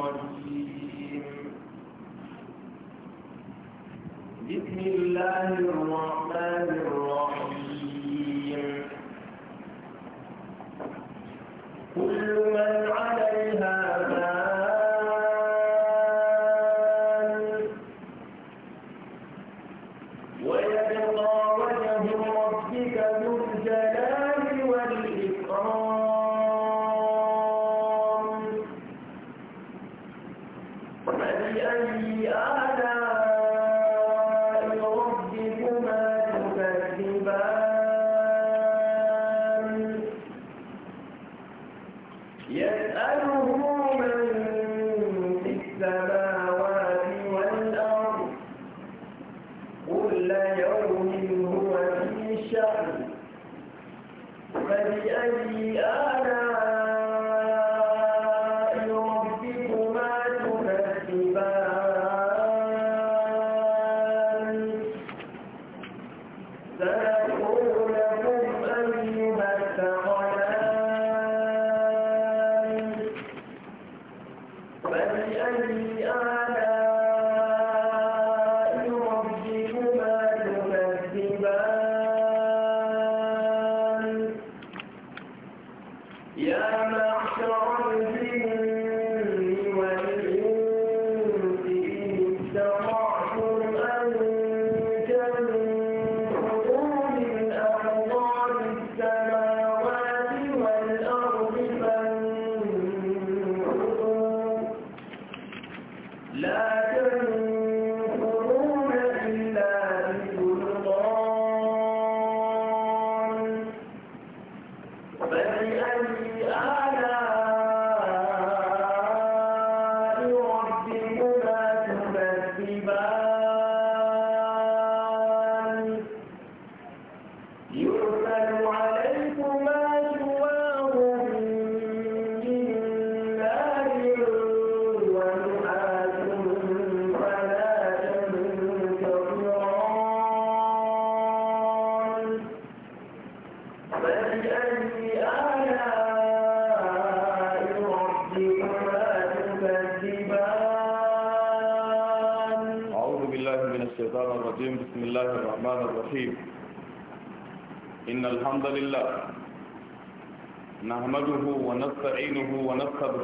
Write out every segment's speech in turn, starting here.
الرجيم بسم الله الرحمن الرحيم كل من عليها فان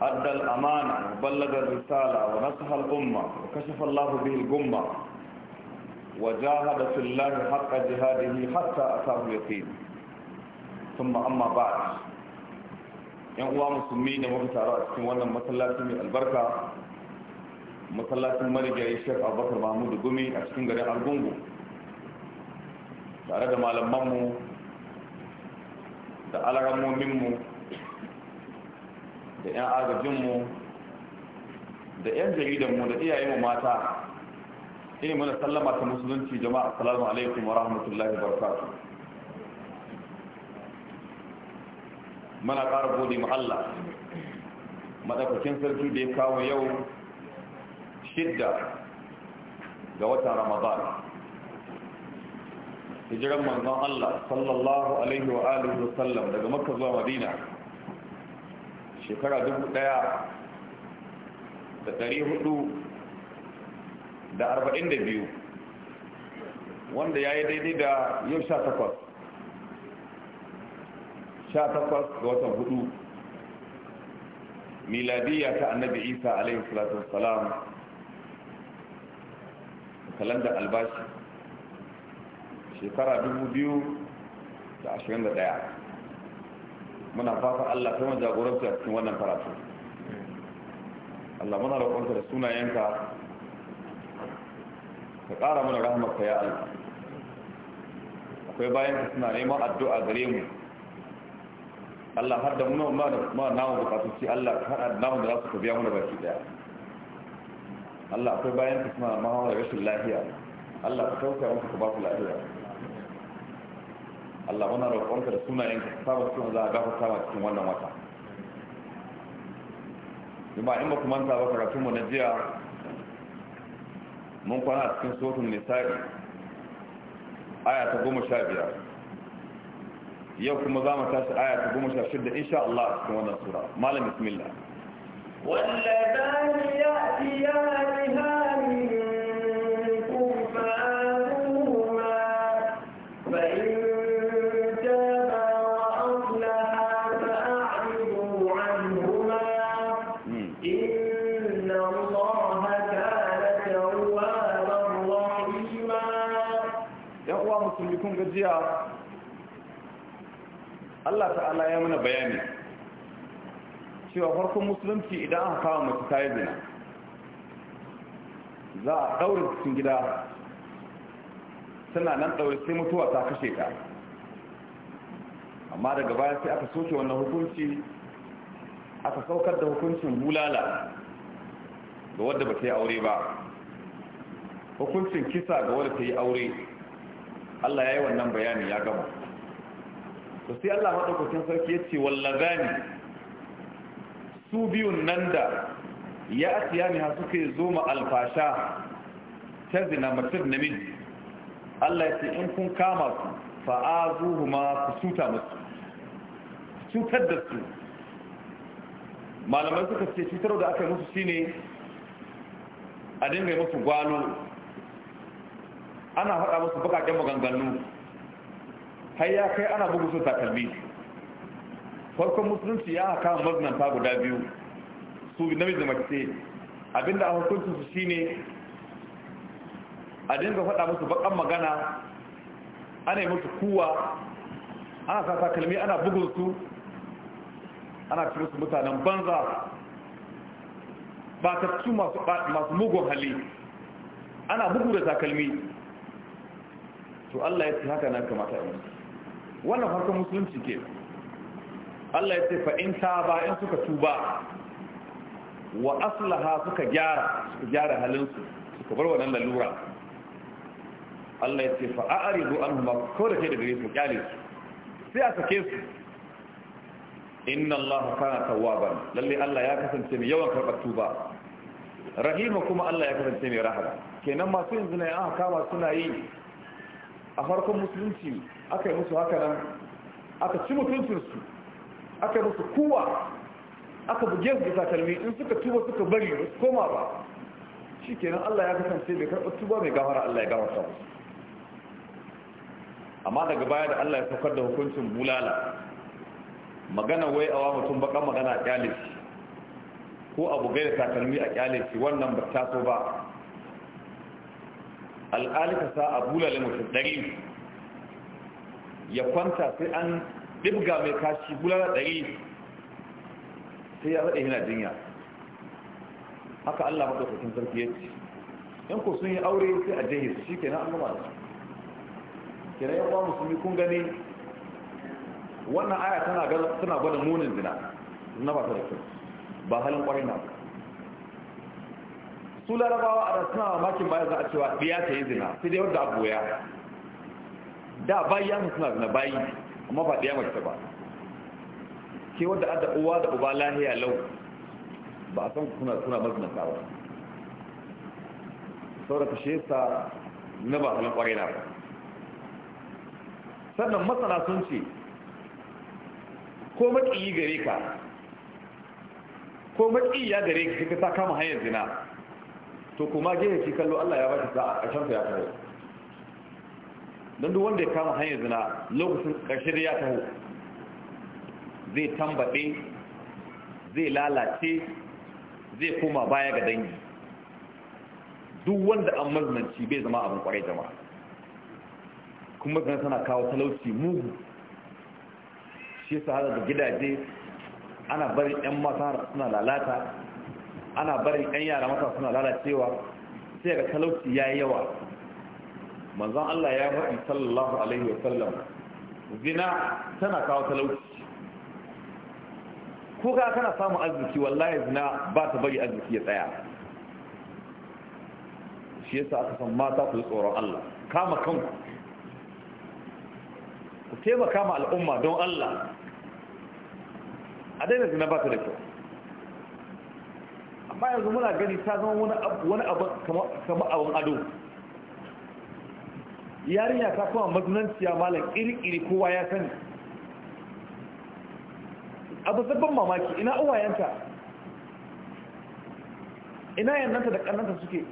أدى الأمانة وبلغ الرسالة ونصح الأمة وكشف الله به الغمة وجاهد في الله حق جهاده حتى أتاه اليقين ثم أما بعد yan uwa musulmi da muka taru a cikin wannan masallaci albarka masallacin marigayi shek abubakar mahmudu gumi a cikin garin argungu tare da malamanmu da alaramominmu da 'yan agajinmu da 'yan jaridanmu da iyayenmu mata ina mana sallama ta musulunci jama'a assalamu alaikum wa rahmatullahi wa barakatuh mana ƙara gode ma Allah madaukakin sarki da ya kawo yau shidda ga watan ramadan hijiran manzon Allah sallallahu alaihi wa alihi wa sallam daga makka zuwa madina shekara dubu ɗaya da dari hudu da arba'in da biyu wanda ya yi daidai da yau sha takwas sha takwas ga watan hudu miladiya ta annabi isa alaihi salatu wassalam kalandar albashi shekara dubu biyu da ashirin da ɗaya muna fata Allah kai mana jagoranci cikin wannan karatu Allah muna roƙonka da sunayenka ka ƙara mana rahmarka ya Allah akwai bayan ka suna neman addu'a gare mu Allah har da muna ma namu bukatu ci Allah ka haɗa namu da za su biya da baki daya Allah akwai bayan ka suna mahawa rashin lafiya Allah ka kauta musu ku ba su lafiya Allah muna roƙonka da sunayen ka saba cikin za a gafarta ma cikin wannan wata jama'a in ba ku manta ba karatun na jiya mun kwana cikin sotun nisa'i aya ta goma sha biyar yau kuma za mu tashi aya ta goma sha shidda insha Allah a cikin wannan sura malam bismillah واللذان يأتيانها Allah ta'ala ya mana bayani cewa farkon musulunci idan aka kawo mace ta yi zina za a ɗaure cikin gida suna nan ɗaure sai mutuwa ta kashe ta amma daga baya sai aka soke wannan hukunci aka saukar da hukuncin bulala ga wadda ba ta yi aure ba hukuncin kisa ga wadda ta yi aure Allah ya yi wannan bayani ya gama to sai Allah madaukakin sarki yace wallazani su biyun nan da ya asiya ne suke zo ma alfasha ta zina mace namiji Allah ya ce in kun kama su fa'azuhuma ku cuta musu cutar da su malamai suka ce cutar da aka yi musu shine a dinga musu gwano ana faɗa musu bakaken maganganu har ya kai ana bugu sun takalmi farkon musulunci ya haka ta guda biyu su namiji da mace abinda a hukuncin su shine a dinga faɗa musu bakan magana ana yi musu kuwa ana sa takalmi ana bugun su ana cire su mutanen banza ba ta su masu mugun hali ana bugu da takalmi to Allah ya ce haka nan kamata ya musu wannan farkon musulunci ke Allah ya ce fa in taba in suka tuba wa aslaha suka gyara suka gyara halinsu suka bar wannan lalura Allah ya ce fa a'ridu anhum ko da kai da gare su kyale su sai a sake su inna Allah kana tawwaban lalle Allah ya kasance mai yawan karɓar tuba rahima kuma Allah ya kasance mai rahama kenan masu yanzu ne aka kama suna yi a farkon musulunci aka yi musu haka nan aka ci mutuncinsu aka yi musu kuwa aka buge su gisa takalmi in suka tuba suka bari su koma ba shi kenan allah ya kasance bai karɓar tuba mai gafara allah ya gafarta musu amma daga baya da allah ya saukar da hukuncin bulala magana wai awa mutum baƙan magana a kyale ko abu gai da takalmi a kyale wannan ba taso ba al'alika sa a bulala mutum ɗari ya kwanta sai an ɗibga mai kashi bulala ɗari sai ya zaɗe yana jinya haka allah maɗaukakin sarki ya ce yan ku sun yi aure sai a jihe su shi kenan an gama da su kenan yan sun musulmi kun gani wannan aya tana gwada munin zina na ba ta da kyau ba halin kwari na su larabawa a da suna mamakin baya za a cewa biya ta yi zina sai dai wadda abuya da bayi ya suna na bayi amma ba ɗaya mace ba ke wadda adda uwa da uba lahiya lau ba a san kuna suna mazinata ba saurata shi yasa na ba halin kwarai na ba sannan masana sun ce ko maƙiyi gare ka ko maƙiyi ya gare ka sa kama hanyar zina to kuma gefe ki kallo Allah ya ba ta sa'a a can ta ya kare don duk wanda ya kama hanyar zina lokacin ƙarshe da ya taho zai tambaɗe zai lalace zai koma baya ga dangi duk wanda an mazmanci bai zama abin kwarai jama'a kuma zan sana kawo talauci mugu shi su hada da gidaje ana barin 'yan mata suna lalata ana barin 'yan yara mata suna lalacewa sai ga talauci ya yi yawa manzon Allah ya faɗi sallallahu alaihi wa sallam zina tana kawo talauci ko ga kana samun arziki wallahi zina ba ta bari arziki ya tsaya shi yasa aka san mata ku tsoron Allah kama kanku ku taimaka ma al'umma don Allah a daina zina ba ta da kyau amma yanzu muna gani ta zama wani abu kama abin ado yarinya ta kuma mazunanciya malam iri kowa ya sani abu zabban mamaki ina uwayenta ina yannanta da kannanta suke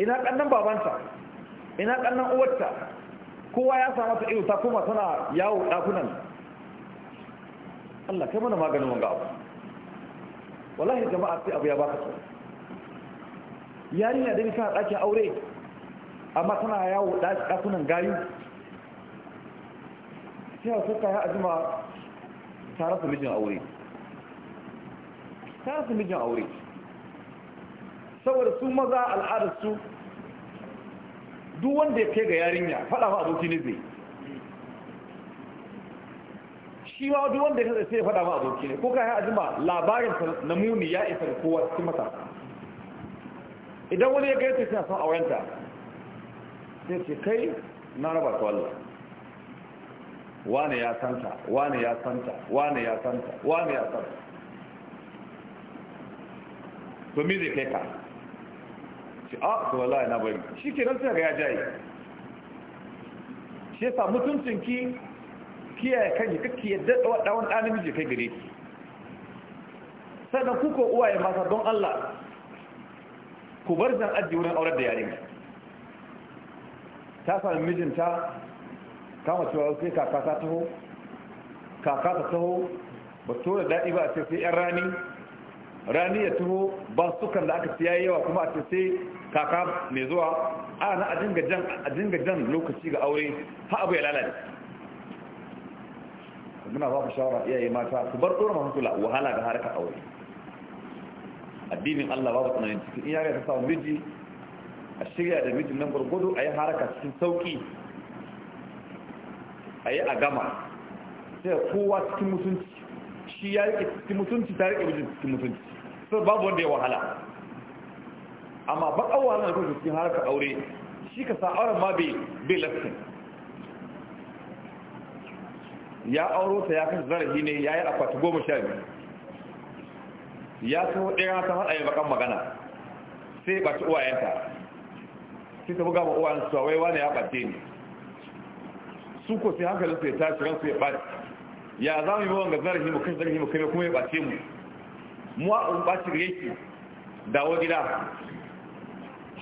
ina kannan babanta ina kannan uwarta kowa ya sa mata iru ta kuma tana yawo dakunan Allah kai mana maganin wanga abu wallahi jama'a sai abu ya baka so yarinya da ni kana dakin aure amma tana yawo ɗakunan gayu cewa suka ya azuma tare su mijin aure tare su mijin aure saboda su maza al'adarsu duk wanda ya kai ga yarinya faɗa ma aboki ne zai shi ma duk wanda ya sai ya faɗa ma aboki ne ko ka ya azuma labarin namuni ya isa da kowa cikin matasa idan wani ya gaita suna son aurenta sai ce kai na raba ta wallah wane ya santa wane ya santa wane ya santa wane ya santa to mi zai kai ka shi a ah, su wallahi na bari shi ke nan sai ga ya jayi shi yasa ki kiyaye yi kakki yadda dawan ɗanin namiji kai gare ki sannan kuka uwaye masa don Allah ku bar zan ajiye wurin aurar da yarinki ta sami mijinta kama cewa sai kaka ta taho kaka ta taho ba to da daɗi ba a ce sai yan rani rani ya taho ba sukan da aka siya yawa kuma a ce sai kaka mai zuwa ana a dinga jan a dinga jan lokaci ga aure ha abu ya lalace muna ba ku shawara iyaye mata ku bar dora masu kula wahala da harkar aure addinin Allah babu tsananin cikin iyaye ta samu miji a shirya da mijin nan gwargwado a yi haraka cikin sauƙi a yi a gama sai kowa cikin mutunci shi ya rike cikin mutunci ta rike mijin cikin mutunci sai babu wanda ya wahala amma ba wahala na kwanci cikin haraka aure shi ka sa auren ma bai lafsin ya auro ta ya kasa zarafi ne ya yi akwati goma sha biyu ya kawo ɗaya ta haɗa yi bakan magana sai ba ci uwayenta sai ta buga ma'uwa su wai wani ya ɓace ni su ko sai hankalin su ya tashi ransu ya ɓace ya za mu yi wanga zarafi mu kashe zarafi mu kai kuma ya ɓace mu mu a un ɓace da yake dawo gida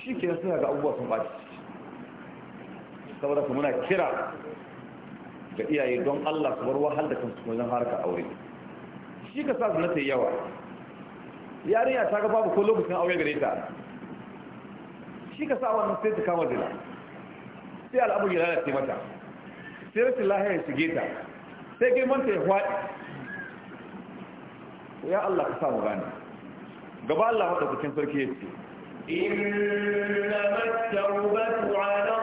shi ke suna ga abubuwa sun ɓace saboda ku muna kira ga iyaye don Allah su bar wahal da kansu wajen harkar aure shi ka sa su na ta yawa yarinya ta ga babu ko lokacin aure gare ta shi ka sa wannan sai ta kama zina sai al'abu ya lalace mata sai rashin lahiyar shige ta sai girmanta ya faɗi ya Allah ka sa mu gani. gaba Allah maɗaukacin sarki ya ce إنما التوبة على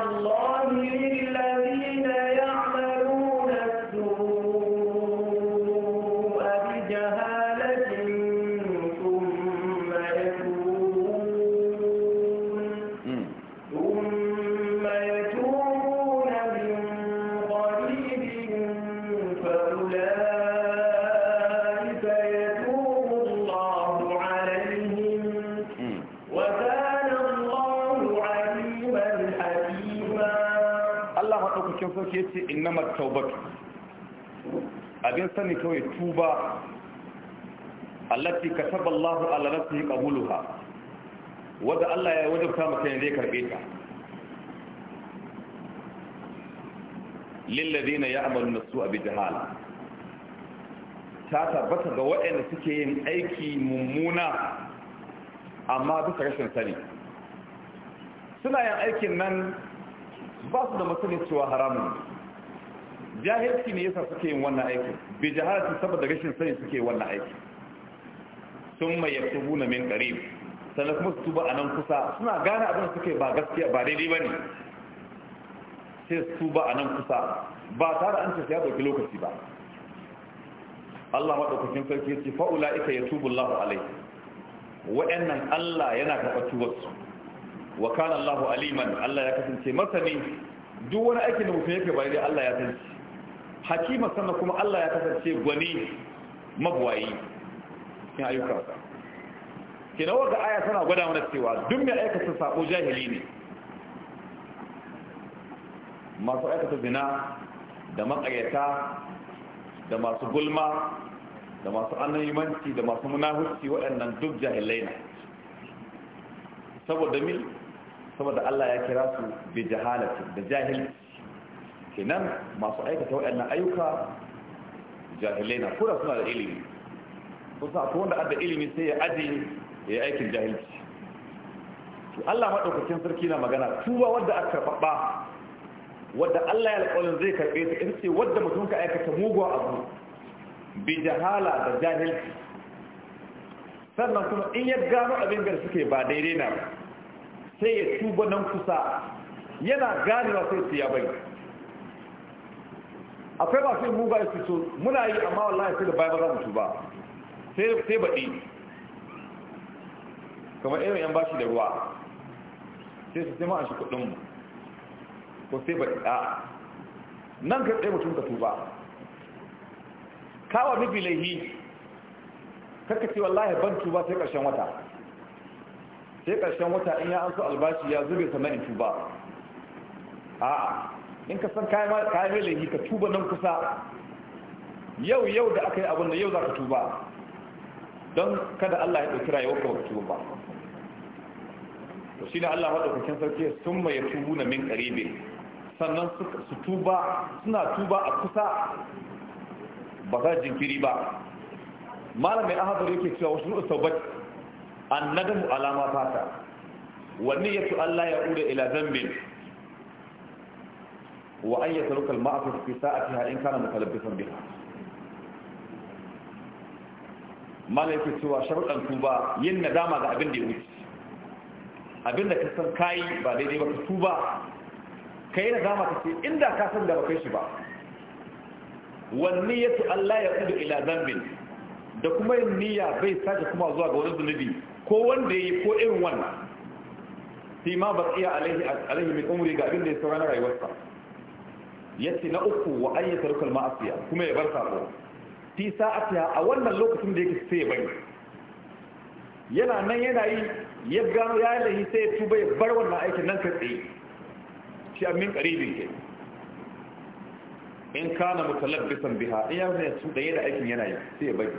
sarki ce innama taubatu abin sani kawai tuba ka kataba Allahu ala nafsihi qabuluha wanda Allah ya wajen maka ne zai karbe ta ya ladina ya'maluna su abin jahala ta tabbata ga waɗanda suke yin aiki mummuna amma bisa rashin sani suna yin aikin nan ba su da masanin cewa haramun jahilci ne yasa suke yin wannan aikin bi jahalati saboda rashin sani suke wannan aikin sun mai yaktubuna min karim sannan kuma su tuba nan kusa suna gane abin da suke ba gaskiya ba daidai ba ne. sai su tuba nan kusa ba tare an tafiya dauki lokaci ba Allah maɗaukacin sarki ya yace fa ulaika ya Allahu alaihi wa'annan Allah yana karɓar tubarsu wa kana Allahu aliman Allah ya kasance masani duk wani aikin da mutum yake da Allah ya san hakima sannan kuma Allah ya kasance gwani mabwayi cikin ayyuka kenan wanda aya tana gwada mana cewa duk mai aikata sabo jahili ne masu aikata zina da makayata da masu gulma da masu annayimanci da masu munahuci waɗannan duk jahilai ne saboda mil saboda Allah ya kira su bi jahalati da jahilci kenan masu aikata waɗannan ayyuka jahilai na kura suna da ilimi kusa ko wanda adda ilimi sai ya aji ya yi aikin jahilci to Allah madaukakin sarki na magana tuba wadda aka karɓaɓɓa. wadda Allah ya alƙawarin zai karɓe ta in ce wadda mutum ka aikata mugun abu bi jahala da jahilci sannan kuma in ya gano abin da suke ba daidai na ba sai ya tuba nan kusa yana ganewa sai su ya bai akwai masu yin muga su so muna yi amma wallahi sai da bai ba za mu tuba sai baɗi kamar irin yan bashi da ruwa sai su sai shi kudinmu ko sai baɗi ɗa nan ka tsaye mutum ka tuba kawo nufi laihi kakka ce wallahi ban tuba sai ƙarshen wata sai ƙarshen wata in ya an so albashi ya zube ta in tuba a in ka san kayan mai laifi ka tuba nan kusa yau yau da aka yi abin da yau za ka tuba don kada Allah ya ɗauki rayuwar ka tuba ba to shi ne Allah kusan sarki sun mai tubu na min ƙaribe sannan su tuba suna tuba a kusa ba za jinkiri ba malamai ahadar yake cewa wasu nuna taubat annadamu alama fata wani yato Allah ya ure ila zambin wa an yataruka al-ma'siyah fi sa'atiha in kana mutalabbisan biha malaiku cewa sharuɗan tuba yin nadama ga abin da ya wuce abin da ka san kayi ba daidai ba ka tuba ka yi nadama ka ce inda ka san da ba kai shi ba wani ya Allah ya kudu ila zambin da kuma yin niyya bai sake kuma zuwa ga wani zunubi ko wanda ya yi ko irin wannan fi ma ba tsiya alaihi mai umri ga abin da ya saura na rayuwarsa ce na uku wa an yi sarukar ma'asiya kuma ya bar sabo fi sa'atiha a wannan lokacin da yake sai bai yana nan yana yi ya gano ya lahi sai ya tuba ya bar wannan aikin nan ka tsaye shi min karibin ke in kana bisan biha in ya ne su da da aikin yana yi sai ya bari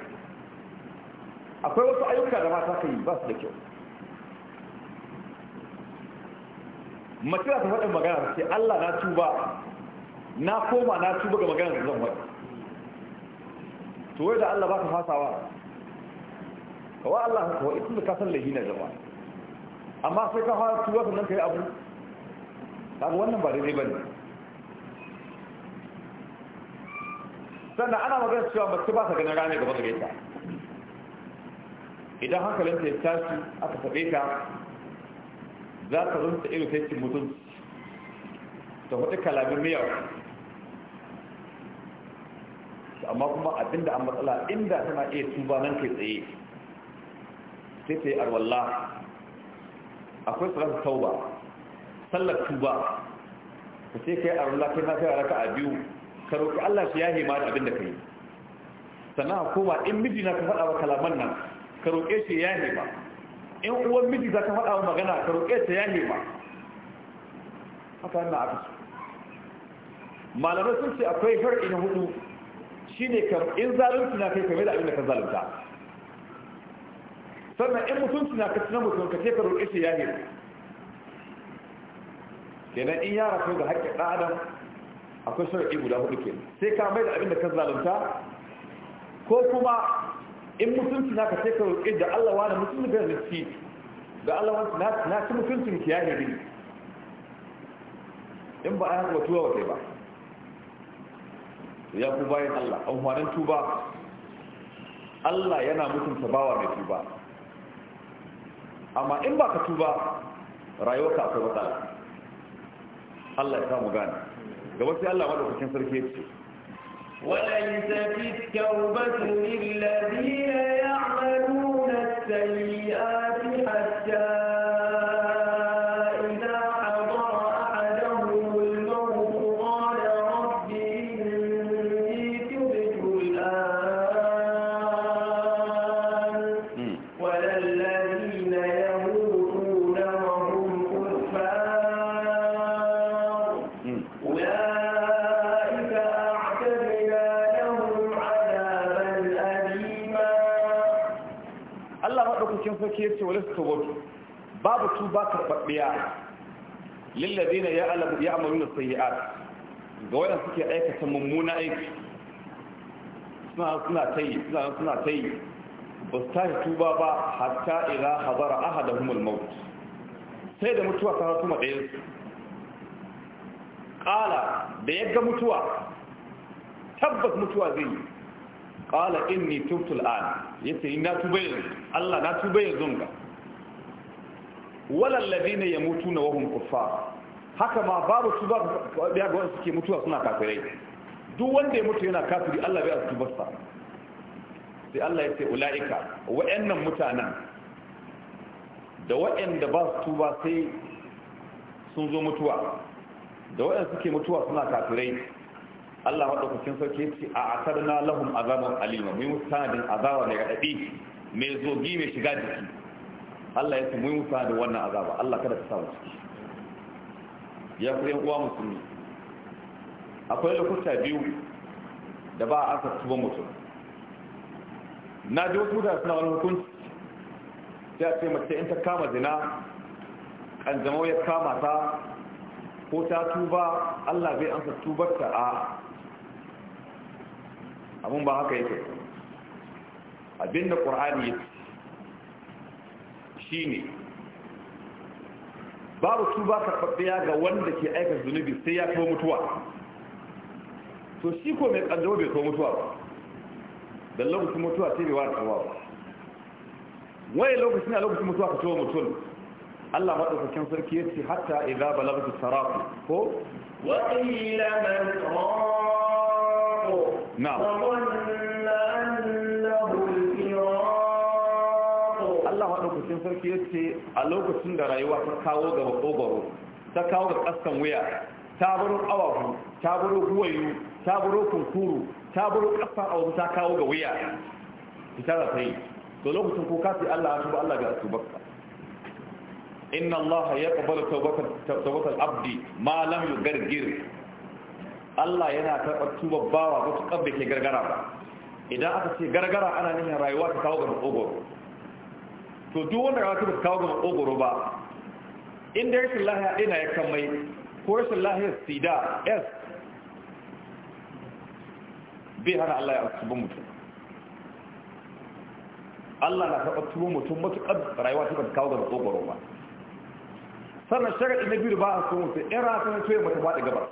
akwai wasu ayyuka da mata ka yi ba su da kyau mace ta faɗin magana sai Allah na tuba na koma na tuba ga magana da zan wani to da Allah ba ka fasawa kawai Allah ka kawai tun da ka san lahi na jama'a amma sai ka fara tuba sannan ka yi abu kaga wannan ba daidai ne, sannan ana magana cewa mace ba ta ganin rane gaba gare gaita idan hankalinta ya tashi aka taɓe ta za ka zunta irin sai cin mutum ta hudu kalamin miyar amma kuma abinda an matsala inda tana iya tuba nan kai tsaye sai ta yi arwalla. akwai tsarar tauba sallar tuba ka ce kai arwalla kai na fiye raka a biyu ka roƙi Allah shi yahe ma da abinda ka yi sannan a koma in miji na ka faɗa wa kalaman nan ka roƙe shi ya nema in uwan miji za ka faɗa wa magana ka roƙe shi ya nema haka yana aka malamai sun ce akwai har'i na hudu shi ne in zalunci na kai kame da abin da ka zalunta sannan in mutunci na ka na mutum ka ce ka roƙe shi ya nema kenan in yara kai ga haƙƙin ɗan adam akwai shari'i guda hudu kenan sai ka mai da abin da ka zalunta ko kuma in mutunci na ka sai ka roƙe da Allah wani mutum da riski da Allah wani na ci mutuncin ki yayi ne in ba a haka ba tuwa wata ba ya ku bayan Allah an hwanan tuba Allah yana mutunta bawa mai tuba amma in ba ka tuba rayuwa ka akwai matsala Allah ya samu gane gaba sai Allah madaukakin sarki ya ce وليست التوبة للذين babu tuba karɓaɓɓiya lillazina ya alamu ya amalu na sayyi'at ga waɗanda suke aikata mummuna aiki suna suna tayi suna ta yi ba su tashi tuba ba hatta ila hazara da humul maut sai da mutuwa ta hasu ɗayan ƙala da ya ga mutuwa tabbas mutuwa zai yi ƙala inni tubtul an yace na tuba yanzu Allah na tuba yanzu ga walal ladina yamutuna wa hum kuffar haka ma babu su ba ya ga wanda suke mutuwa suna kafirai duk wanda ya mutu yana kafiri Allah bai asu basta sai Allah ya ce ulaika wa'annan mutanen da wa'anda ba su tuba sai sun zo mutuwa da wa'anda suke mutuwa suna kafirai Allah madaukakin sarki ya ce a atarna lahum azaban alima mu mutanadin azaba mai gadadi mai zogi mai shiga jiki Allah ya samu mun musa da wannan azaba Allah kada ka sa mu ciki ya fi yan uwa musulmi akwai lokuta biyu da ba a asa tuba mutum na ji wasu da suna wani hukunci sai a ce mace in ta kama zina kanjamau ya kama ta ko ta tuba Allah zai amsa tubarta a abun ba haka yake abinda ƙur'ani yake shine babu tuba karɓaɓɓiya ga wanda ke aika zunubi sai ya kawo mutuwa to shi ko mai ƙanjawa bai kawo mutuwa ba da lokacin mutuwa sai bai wani kawo ba wai lokacin a lokacin mutuwa ka kawo mutum Allah maɗaukakin sarki ya ce hatta idza balagtu sarafu ko wa qila man rafu na ce ya ce a lokacin da rayuwa ta kawo ga makogoro ta kawo ga kaskan wuya ta baro awahu ta baro huwayu ta baro kunkuru ta baro kaskan awahu ta kawo ga wuya ita da ta yi to lokacin ko kasi Allah ya tuba Allah ga tubarka inna Allah ya qabala tawbatal abdi ma lam yugargir Allah yana karɓar tubar bawa ba su kabbe ke gargara ba idan aka ce gargara ana nufin rayuwa ta kawo ga makogoro to duk wanda ka ba kawo ga ogoro ba inda shi lahiya ina ya kan mai ko ya shi lahiya sida s bai hana allah ya asubu mutum allah na taɓa tuwo mutum matuƙar rayuwa ta kawo ga ogoro ba sannan shagar na biyu da ba a so mutum in rasa na tuyar mata faɗi gabar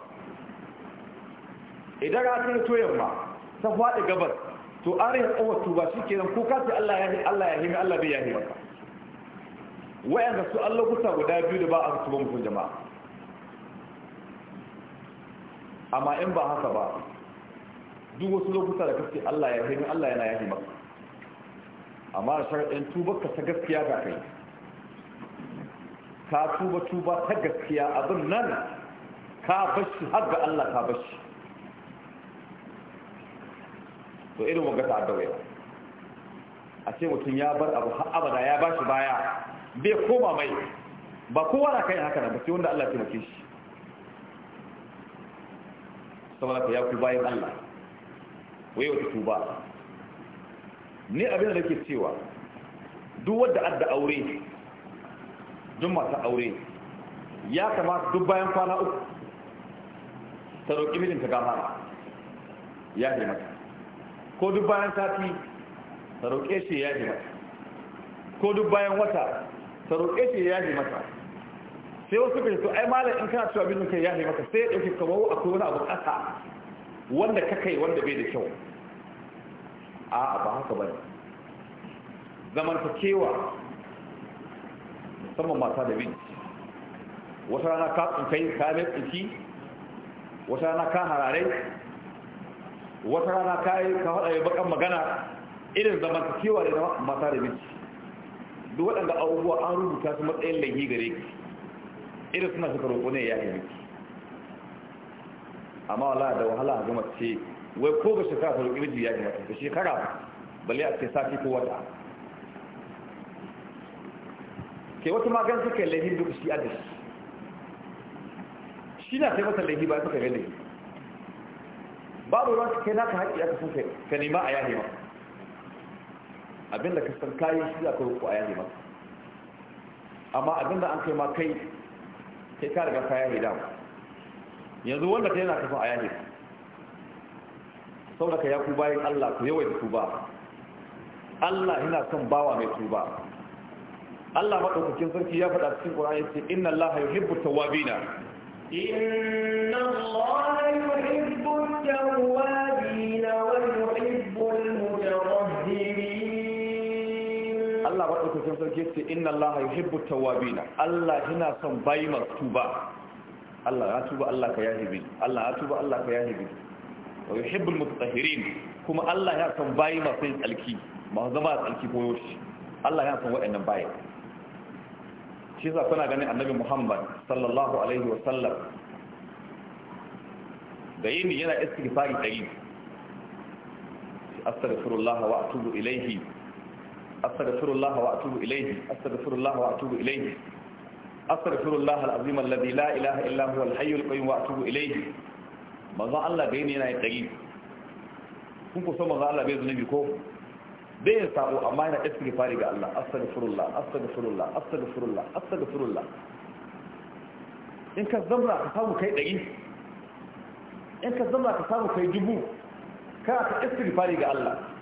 idan rasa na tuyar ma ta faɗi gabar to an yi ƙawar tuba shi kenan ko kasi allah ya yi allah ya yi allah bai ya yi maka wayanda su an lokuta guda biyu da ba a tuba mutum jama'a amma in ba haka ba duk wasu lokuta da kaske Allah ya haini Allah yana yahi maka amma da tuba ka ta gaskiya ga kai ka tuba tuba ta gaskiya abin nan ka bashi har ga Allah ka bashi to irin wagata a dawaya a ce mutum ya bar abu abada ya bashi baya bai koma mai ba kowa na kai haka na ba ce wanda Allah ya mace shi saboda ka ya ku bayan Allah waye wata tuba ne abin da ke cewa duk wadda adda aure duk masu aure ya kamata duk bayan kwana uku ta roƙi ta gama ya ke mata ko duk bayan sati ta roƙe shi ya ke mata ko duk bayan wata ta roƙe shi ya yi mata sai wasu kai to ai malam in kana cewa bin kai yi mata sai ya dauke kamar akwai wani abu ƙasa wanda ka kai wanda bai da kyau a ba haka bane kewa musamman mata da bin wata rana ka tsinkai ka yi tsinki wata rana ka hararai wata rana ka yi ka haɗa bakan magana irin kewa da mata da bin duk waɗanda abubuwa an rubuta su matsayin laihi gare ki irin suna suka roƙo ne ya yi miki amma wala da wahala a gama ce wai ko ga shekara ta roƙi miji ya yi mata da shekara balle a ce sati ko wata ke wata magan suka yi laihi duk shi adashi shi na sai mata laihi ba suka yi laihi babu ruwan kai naka haƙi aka sun ka nema a yahima abinda ka san kayan shi za ka rufu a yaje maka amma abinda an kai ma kai kai ka riga kayan ya dama yanzu wanda kai yana kafin a yaje saboda ka ya ku bayan Allah ku yawaita tuba Allah yana son bawa mai tuba Allah madaukakin sarki ya faɗa cikin Qur'ani ce inna Allah yuhibbu tawwabina inna sarki yace inna allaha yuhibbu tawwabina allah yana son bayi masu tuba allah ya tuba allah ka yahibi allah ya tuba allah ka yahibi wa yuhibbul mutatahirin kuma allah ya son bayi masu yin tsalki masu zama tsalki ko yoshi allah ya son waɗannan bayi shi yasa kuna ganin annabi muhammad sallallahu alaihi wa sallam da yini yana istighfari dari astaghfirullah wa atubu ilaihi astaghfirullah wa atubu ilayhi astaghfirullah wa atubu ilayhi astaghfirullah al-azim alladhi la ilaha illa huwa al-hayyul qayyum Allah bai ne yana dari kun ku san manzo Allah bai zunubi ko bai yin sabo amma yana istighfari ga Allah astaghfirullah astaghfirullah astaghfirullah astaghfirullah in ka zamna ka samu kai dari in ka zamna ka samu kai dubu Allah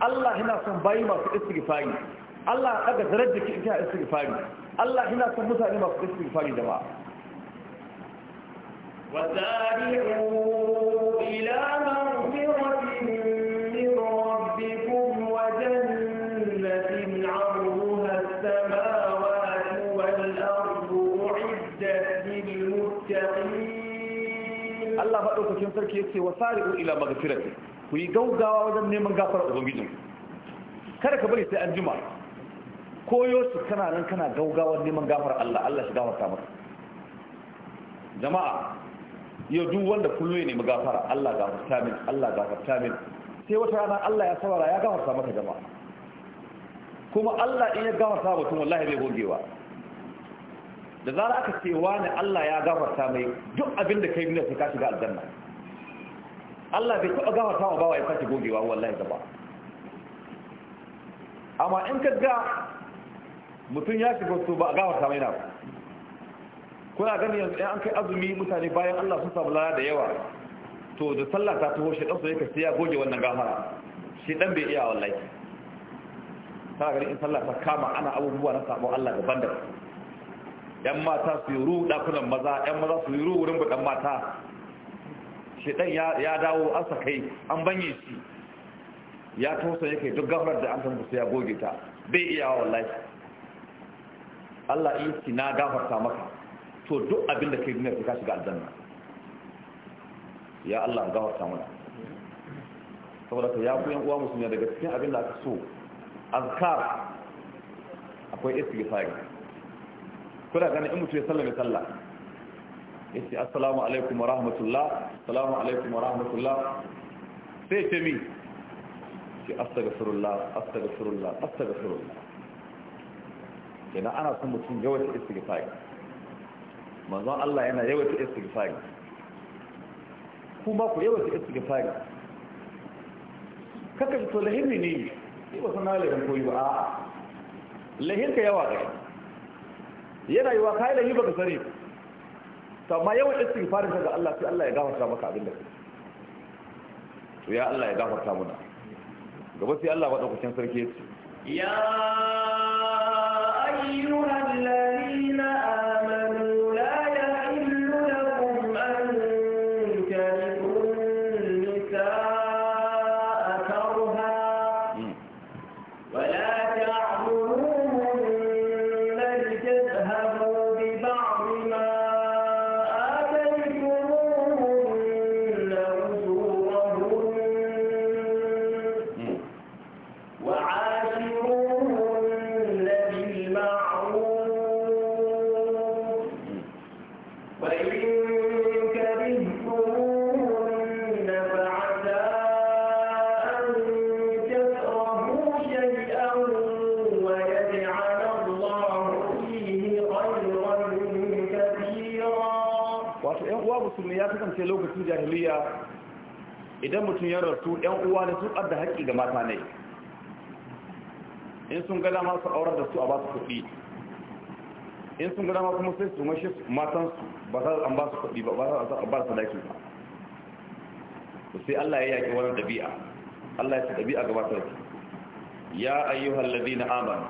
Allah yana son bayi masu istighfari Allah ya daga darajar ki ita istighfari Allah yana son mutane masu istighfari da ba وسارعوا إلى مغفرة من ربكم وجنة عرضها السماوات والأرض أعدت للمتقين الله فأدوك كم تركي يسي وسارعوا إلى مغفرة ku yi gaugawa wajen neman gafara ubangijin kada ka bari sai an jima koyo su kana nan kana gaugawa neman gafara Allah Allah shi gafarta maka jama'a ya duk wanda kullu ne gafara Allah gafarta min Allah gafarta min sai wata rana Allah ya saurara ya gafarta maka jama'a kuma Allah in ya gafarta mutum wallahi bai gogewa da zara aka ce wani Allah ya gafarta mai duk abin da kai ne sai ka shiga aljanna Allah bai taɓa gama samun bawa ya sake gogewa wallahi gaba amma in ka ga mutum ya shiga su ba a gama samun yana kuna gani yanzu an kai azumi mutane bayan Allah sun samu lalata da yawa to da sallah ta taho shi su yake sai ya goge wannan gafara shi ɗan bai iya wallahi ta gani in sallah ta kama ana abubuwa na sabon Allah daban-daban yan mata su yi ruɗa kunan maza yan maza su yi ruɗa wurin buɗan mata shedan ya dawo an sakai an banye shi ya tosa kai duk gafar da an san musu ya goge ta bai iya wallahi Allah yi na gafarta maka to duk abin da kai duniya ka shiga aljanna ya Allah gafarta mana saboda ka ya ku yan uwa musulmi daga cikin abin da aka so azkar akwai istighfar kuna ganin in mutum ya sallame sallah yace assalamu alaikum rahmatullah assalamu alaikum rahmatullah sai ce mi ce astaghfirullah astaghfirullah astaghfirullah kenan ana son mutum yawaita istighfari manzon Allah yana yawaita istighfari kuma ku yawaita istighfari kaka to lahimi ne sai ba sanar da koyi ba a'a lahinka yawa ga yana yiwa kai lahi baka ba ma yawan istighfarin ka ga Allah sai Allah ya gafarta maka abin da kake to ya Allah ya gafarta muna gaba sai Allah madaukakin sarki ya ce ya idan mutum ya rartu yan uwa da su da haƙƙi ga mata ne in sun gada masu aurar da su a ba su kuɗi in sun gada ma kuma sai su mashi matansu ba za an ba su kuɗi ba ba za a ba su daki ba sai Allah ya yaƙi wani ɗabi'a Allah ya ce ɗabi'a ga mata ki ya hallabi na amanu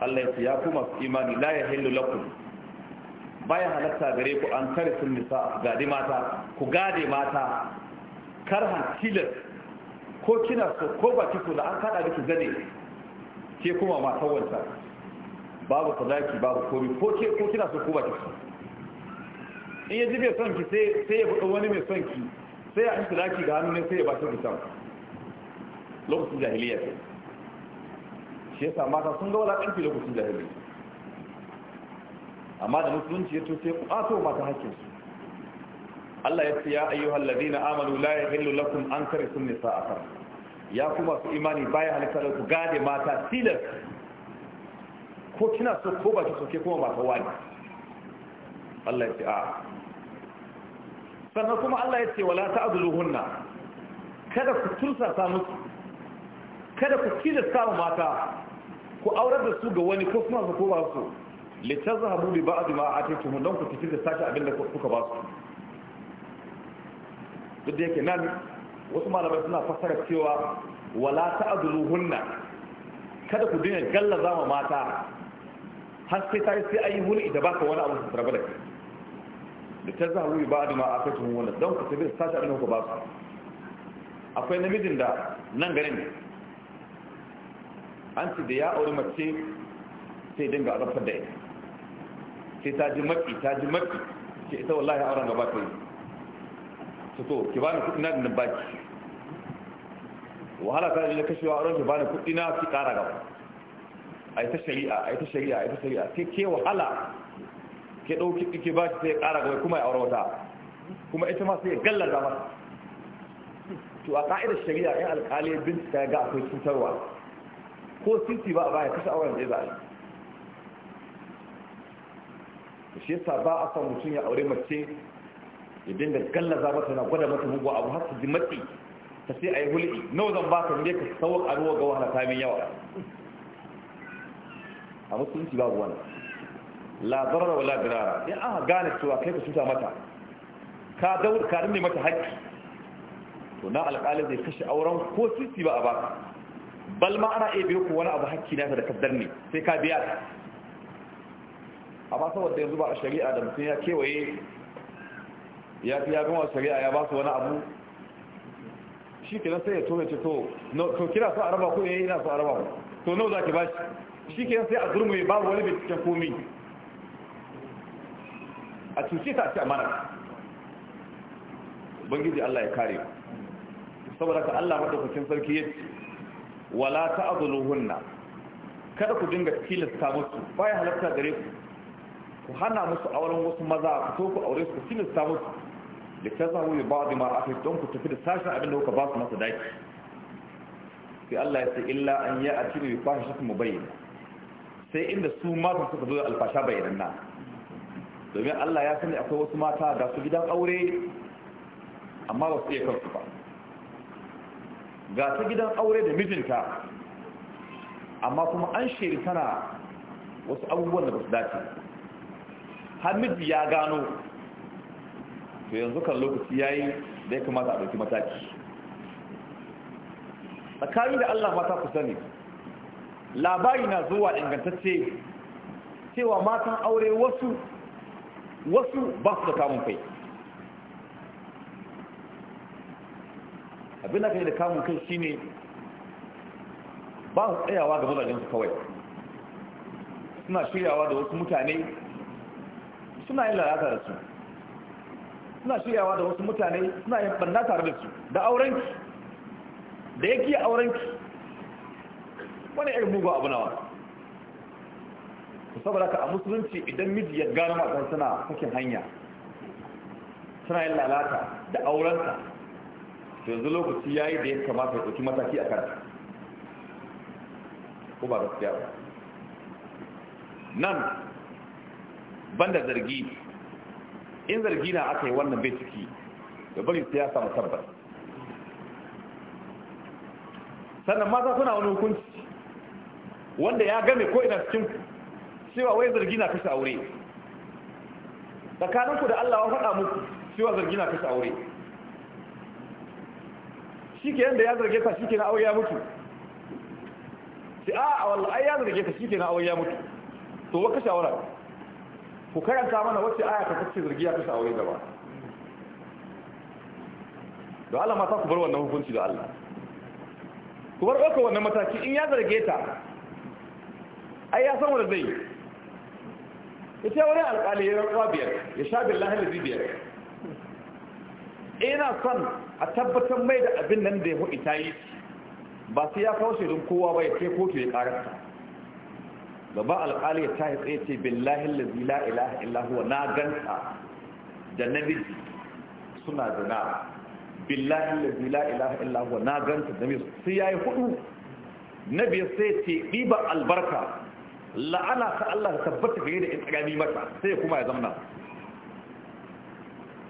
Allah ya ce ya kuma su imani la yahillu lakum bayan halatta gare ku an kare sun nisa gade mata ku gade mata karhan tilas ko kina so ko ba kiko da an kada miki zane ke kuma ma wanta babu talaki babu komi ko ke ko kina so ko ba kiko in yaji bai son ki sai sai ya fada wani mai son ki sai ya amsa sadaki ga hannu ne sai ya ba ki bisan lokacin jahiliya ce shi yasa mata sun ga walakanci lokacin jahiliya amma da musulunci ya to sai ku ato mata hakkin su Allah ya ce ya ayyuhal ladina amanu la yahillu lakum an karisu nisaa'a ya kuma su imani baya halitta da ku gade mata tilas ko kina so ko ba ki so ke kuma ba ka wani Allah ya ce a sannan kuma Allah ya ce wala ta'dhuluhunna kada ku tursa ta musu kada ku tilasta mata ku aurar da su ga wani ko kuma su ko ba su litazhabu bi ba'd ma atituhun don ku tafi da sashi abinda kuka ba su duk da yake nan wasu malamai suna fassara cewa wala hunna kada ku dinga gallaza ma mata har sai ta sai ayi hulɗi da baka wani abu su rabar da da ta zaharu ba da ma a kai wannan don ku tafi da sashi abin da ba su akwai namijin da nan garin an ci da ya aure mace sai dinga azabtar da ita sai ta ji maki ta ji maki ce ita wallahi auren gaba ta yi fito to ki bani kuɗi na da baki wahala ta da kashewa a ki bani kuɗi na ki ƙara gaba a yi ta shari'a a yi ta shari'a a yi ta shari'a ke ke wahala ke ɗauki ke ba ki sai kara gaba kuma ya aure wata kuma ita ma sai ya gallaza mata to a ka'ida shari'a yan alkali bincika ya ga akwai cutarwa ko sinti ba a baya kashe auren da ya zaɓi shi yasa ba a san mutum ya aure mace Idan da gallaza mata na gwada mata mugu abu har su ji matsi ta sai a yi hulɗi nawa zan ba ka ne ka sauƙa ruwa ga wahala ta min yawa a musulunci babu wani labarar wa labirara ya an gane cewa kai ka cuta mata ka daura ka rinne mata haƙƙi to na alƙalin zai kashe auren ko sisi ba a baka bal ma ana iya biyo ku wani abu haƙƙi na da kaddar ne sai ka biya ta amma saboda yanzu ba a shari'a da mutum ya kewaye ya fi ya gama shari'a ya ba su wani abu shi kenan sai ya tona ce to to kira su araba ko yayi eh, ina su araba to nawa zaki ba shi shi kenan sai a zurmuye babu wani cikin komi a cuce ta a mana. amana bangiji Allah ya kare saboda ka Allah madaukakin sarki ya ce wala ta'dhuluhunna kada ku dinga tilasta musu bai halatta gare ku ku hana musu auren wasu maza ku to ku aure su ku tilasta musu da ta zahu li ba'd ma aka don ku tafi da sashen abin da kuka ba su masa daki sai Allah ya ce illa an ya atiru bi fahishatin mubayyin sai inda su mata suka zo da alfasha bayyana domin Allah ya sani akwai wasu mata da su gidan aure amma ba su iya kansu ba ga ta gidan aure da mijinta amma kuma an shiri tana wasu abubuwan da ba su dace har ya gano to yanzu kan lokaci ya yi da ya kamata a ɗauki mataki tsakani da Allah mata ku sani labari na zuwa ingantacce cewa matan aure wasu wasu ba su da kamun kai abin da kai da kamun kai shine ba su tsayawa ga mazajensu kawai suna shiryawa da wasu mutane suna yin lalata da su suna shiryawa da wasu mutane suna yin banda tare da su da aurenki da yake aurenki wani irin mugu abu nawa saboda ka a musulunci idan miji ya gano matan suna fakin hanya suna yin lalata da aurenta to yanzu lokaci yayi da ya kamata ya ɗauki mataki a kanta ko ba gaskiya ba nan banda zargi in zargi na aka yi wannan bai ciki da bari siyasa mu tabbas sannan mata suna wani hukunci wanda ya game ko ina cikin cewa wai zargi na kashe aure tsakaninku da Allah faɗa muku cewa zargi na kashe aure shi ke yadda ya zarge ta shi ke na aure ya mutu sai a a ai ya zarge ta shi ke na aure ya mutu to wa kashe auren ku karanta mana wacce aya ta zargi ya ta aure da ba da Allah mata ku bar wannan hukunci da Allah ku bar ɗauka wannan mataki in ya zarge ta ai ya san wani zai ya ce wani alƙali ya rantsuwa biyar ya sha billahi lazi biyar ina son a tabbatar mai da abin nan da ya ita yi ba sai ya kawo shirin kowa ba ya ce kotu ya karanta. gaba alƙali ya tahi tsaye ce billahi lazi la ilaha illa huwa na ganta da namiji suna zina billahi lazi la ilaha illa huwa na ganta da namiji sai yayi hudu na biyu sai ce ɗiba albarka la'ana ta Allah ta tabbata gare da in tsagami mata sai kuma ya zamna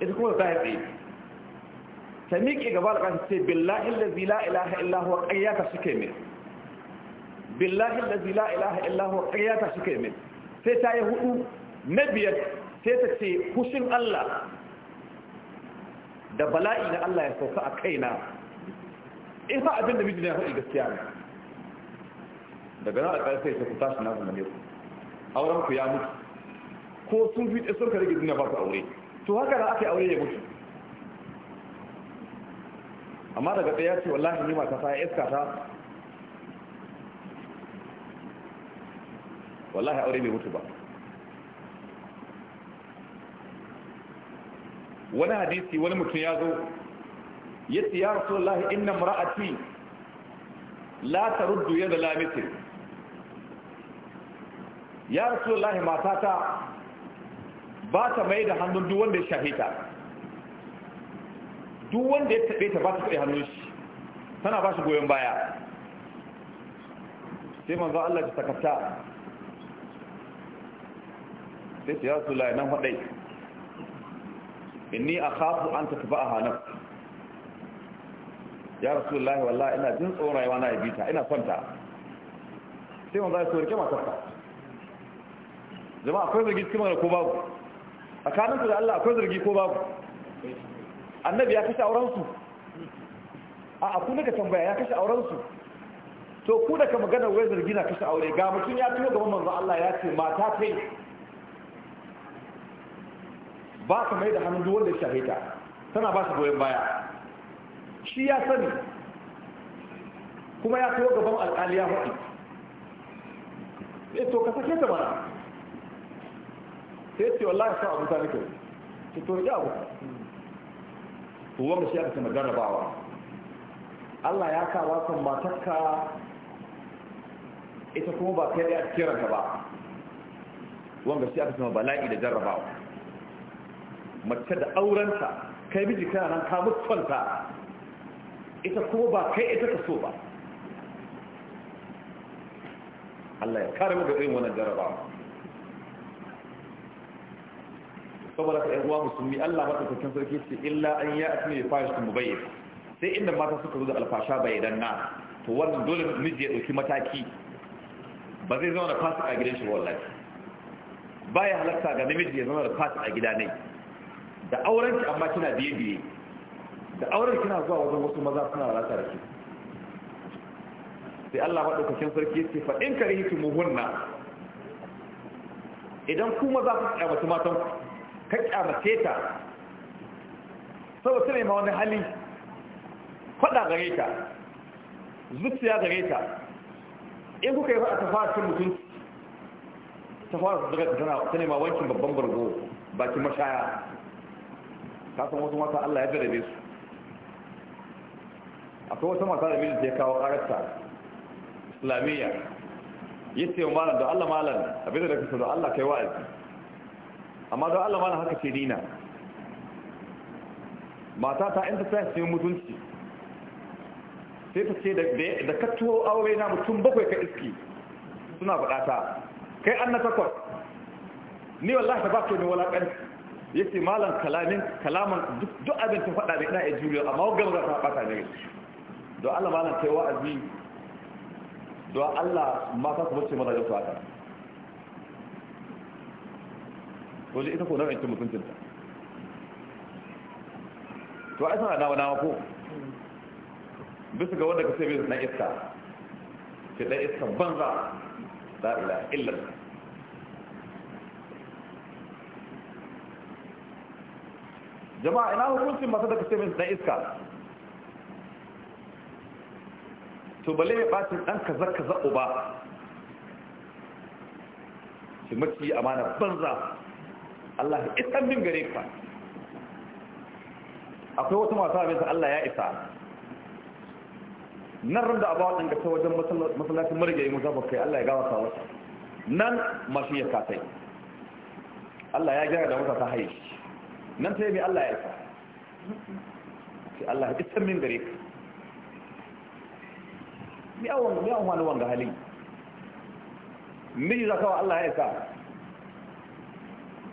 ita kuma ta haife ta miƙe gaba da ƙasa ce billahi lazi la ilaha illa huwa ƙayyaka suke mai billahi lazi la ilaha illa huwa qiyata suka yi min sai ta yi hudu na biyar sai ta ce kushin Allah da bala'i na Allah ya sauka a kaina in fa abin da miji ne faɗi gaskiya ne daga nan a ƙarfe ta ku tashi na zama ne ku auren ku ya mutu ko sun fi ɗin sun karɓi duniya ba su aure to haka na aka yi aure ya mutu amma daga ɗaya ce wallahi ni mata ta iska ta wallahi aure bai mutu ba wani hadisi wani mutum ya zo ya ce ya rasu wallahi inna mara'ati la ruddu yadda lamitin ya rasu wallahi matata ba ta mai da hannun duk wanda ya shahita duk wanda ya taɓe ta ba ta taɓe hannun shi tana ba shi goyon baya sai manzo Allah ta sakata sai ta yasu nan haɗai inni a kafu an tafi ba a hannun ya rasu lahi wallahi ina jin tsoron rayuwa na ibita ina kwanta sai wanda su so rike ta. jama'a akwai zargi cikin ko babu a kanansu da allah akwai zargi ko babu annabi ya kashe aurensu a aku ka tambaya ya kashe aurensu to ku daga magana wai zargi na kashe aure ga mutum ya tuyo gaban manzo allah ya ce mata kai ba ka mai da hannun duk wanda ya shafe ta tana ba su goyon baya shi ya sani kuma ya kawo gaban alƙali ya haɗu. ya eh, to ka sake ta mana sai ce wallahi sa abu ta ka ce to ya abu to wanda shi aka ce jarrabawa Allah ya kawo kan matakka ita kuma ba kai da ya kiranka ba wanda shi aka sama bala'i da jarrabawa mace da aurenta kai miji kana nan ka kwanta ita kuma ba kai ita ka so ba Allah ya kare maka irin wannan jaraba saboda ka uwa musulmi Allah matsakaikin sarki ce illa an ya asini da fashi su mubayi sai inda mata suka zo da alfasha bayyanan na to wannan dole miji ya ɗauki mataki ba zai zama da fasik a gidan shi wallahi ya halatta ga namiji ya zama da fasik a gida ne da aurenki amma kina biye-biye da auren kina zuwa wajen wasu maza suna lalata da ke sai Allah maɗaukakin sarki ya ce fa kare hiki muhunna idan ku maza ku kyamaci matan ka kyamace ta saboda ta ma wani hali faɗa gare ta zuciya gare ta in kuka yi faɗa ta fara cin mutunci ta fara daga tana wankin babban bargo bakin mashaya ka san wasu mata Allah ya jarabe su akwai wata mata da mijinta ya kawo ƙararta islamiyya ya ce wa malam da Allah malam abin da kasa da Allah kai wa'azi amma da Allah malam haka ce dina mata ta in ta tsaya mutunci sai ta ce da ka tuwo aure na mutum bakwai ka iski suna faɗata kai an na takwas ni wallahi ta ba ke ni wala ya ce malam kalamin kalaman duk abin ta faɗa da ina ya juriya amma wa gaba ta ɓata ne don Allah malam kai wa'azi don Allah mata kuma ce mazajen su haka wajen ita ko nan yankin mutuncinta to a sana nawa nawa ko bisa ga wanda ka sai bai na iska ke ɗan iska banza la ila illallah jama'a ina hukuncin masu daga cikin na iska to bale mai bacin ɗan ka zaka za'o ba shi mace amana banza Allah ya isan min gare ka akwai wata masu abinsa Allah ya isa nan ran da abawa ɗan ta wajen masallacin marigayi musamman kai Allah ya gawa sa wata nan masu ya kasai Allah ya gyara da wata ta haishi nan ta yabi Allah ya fa ce Allah ya san min gare ka mi awon mi awon wani wanga hali miji zakawa Allah ya sa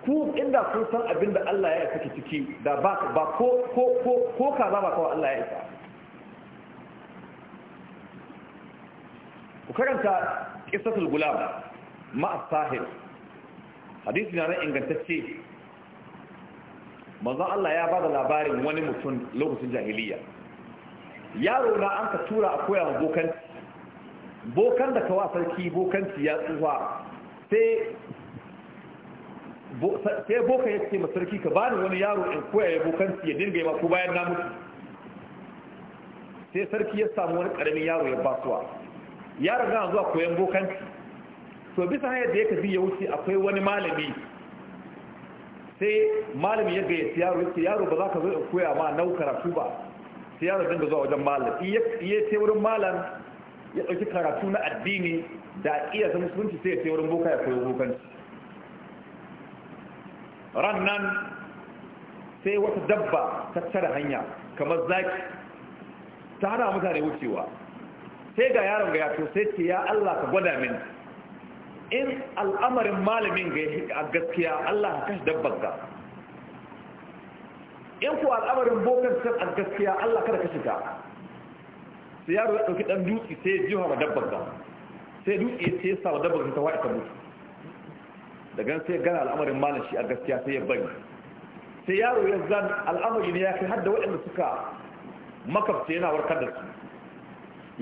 ku inda kun san abin da Allah ya saki ciki da ba ba ko ko ko ko ka ba kawai Allah ya sa ku karanta qisatul gulam ma'a as-sahir hadisi na ran ingantacce manzon Allah ya bada labarin wani mutum lokacin jahiliya yaro na an ka tura a koya ma bokan bokan da kawa sarki bokanci ya tsuwa. sai sai ya ce masarki ka bani wani yaro in koya ya bokanci ya dinga yi ko bayan na mutu sai sarki ya samu wani karamin yaro ya basuwa yaro gana zuwa koyan bokanci to bisa hanyar da ya kafi ya wuce akwai wani malami sai malami ya gayyaci yaro ya ce yaro ba za ka zo in koya ma nau karatu ba sai yaro dinga zuwa wajen malam iya ce wurin malam ya ɗauki karatu na addini da iya zama sunci sai ya ce wurin boka ya koyo bokanci ran nan sai wata dabba ta tare hanya kamar zaki ta hana mutane wucewa sai ga yaron ga yato sai ce ya Allah ka gwada mini in al'amarin malamin ga gaskiya Allah ka kashe dabbar in ku al'amarin bokan kan a gaskiya Allah kada ka shiga sai yaro ya ɗauki ɗan dutse sai ya jiwa ma dabbar ka sai dutse sai ya wa dabbar ka waɗa ta mutu daga sai gana al'amarin malam shi a gaskiya sai ya bari sai yaro ya zan al'amari ne ya kai har da waɗanda suka makabta yana warkar da su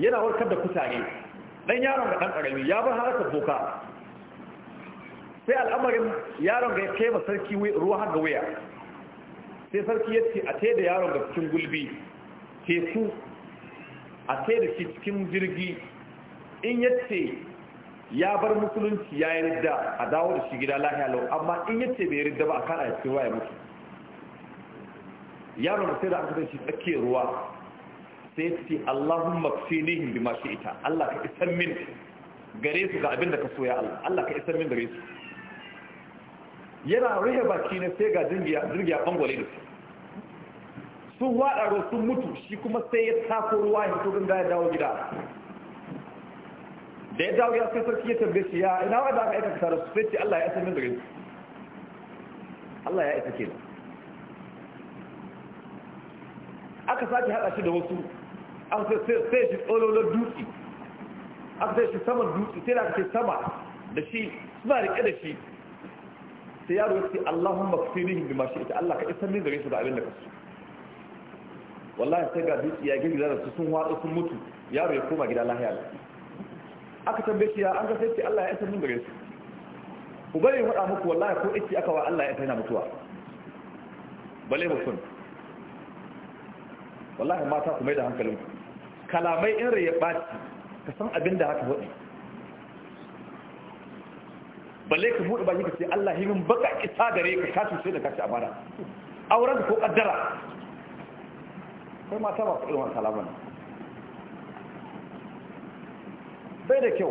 yana warkar da kutane ɗan yaron da ɗan ƙarami ya bar harkar boka sai al'amarin yaron ga ya kai ma sarki ruwa har ga wuya sai sarki ya ce a te da yaron ga cikin gulbi teku a te da shi cikin jirgi in ya ce ya bar musulunci ya yi ridda a dawo da shi gida lahiya lau amma in ya ce bai ridda ba a kana ya waya mutu yaron ga sai da aka shi tsakiyar ruwa sai ce Allahumma bi mashi ita, Allah ka isar min gare su ga abin da ka so ya Allah Allah ka isar min gare su yana rufe baki na sai ga jirgiya bangwale da su sun waɗaro sun mutu shi kuma sai ya tako ruwa ya fito ganga ya dawo gida da ya dawo ya sai sarki ya tabbe shi ya ina da aka aika tsara su sai ce Allah ya isa min Allah ya isa ke aka sake haɗa shi da wasu an sai shi tsololon dutse aka sai shi saman dutse sai da aka sama da shi suna riƙe da shi sai yaro ya ce Allahumma bi mashi ita, Allah ka isar ne gare su da abin da ka su, wallahi sai ga duk ya gidi da su sun watsa sun mutu yaro ya koma gida lahiya da aka tambaye shi ya an ga sai ce Allah ya isar ne gare su ku bari mu faɗa muku wallahi ko ice aka wa Allah ya isar na mutuwa bale mutum wallahi mata ku mai da hankalinku kalamai in rai ya ka san abin da haka faɗi balle ka buɗe baki ka ce Allah himin baka kita gare ka ka cuce da kashi amana auren ko kaddara kai mata ba su irin salama kalama bai da kyau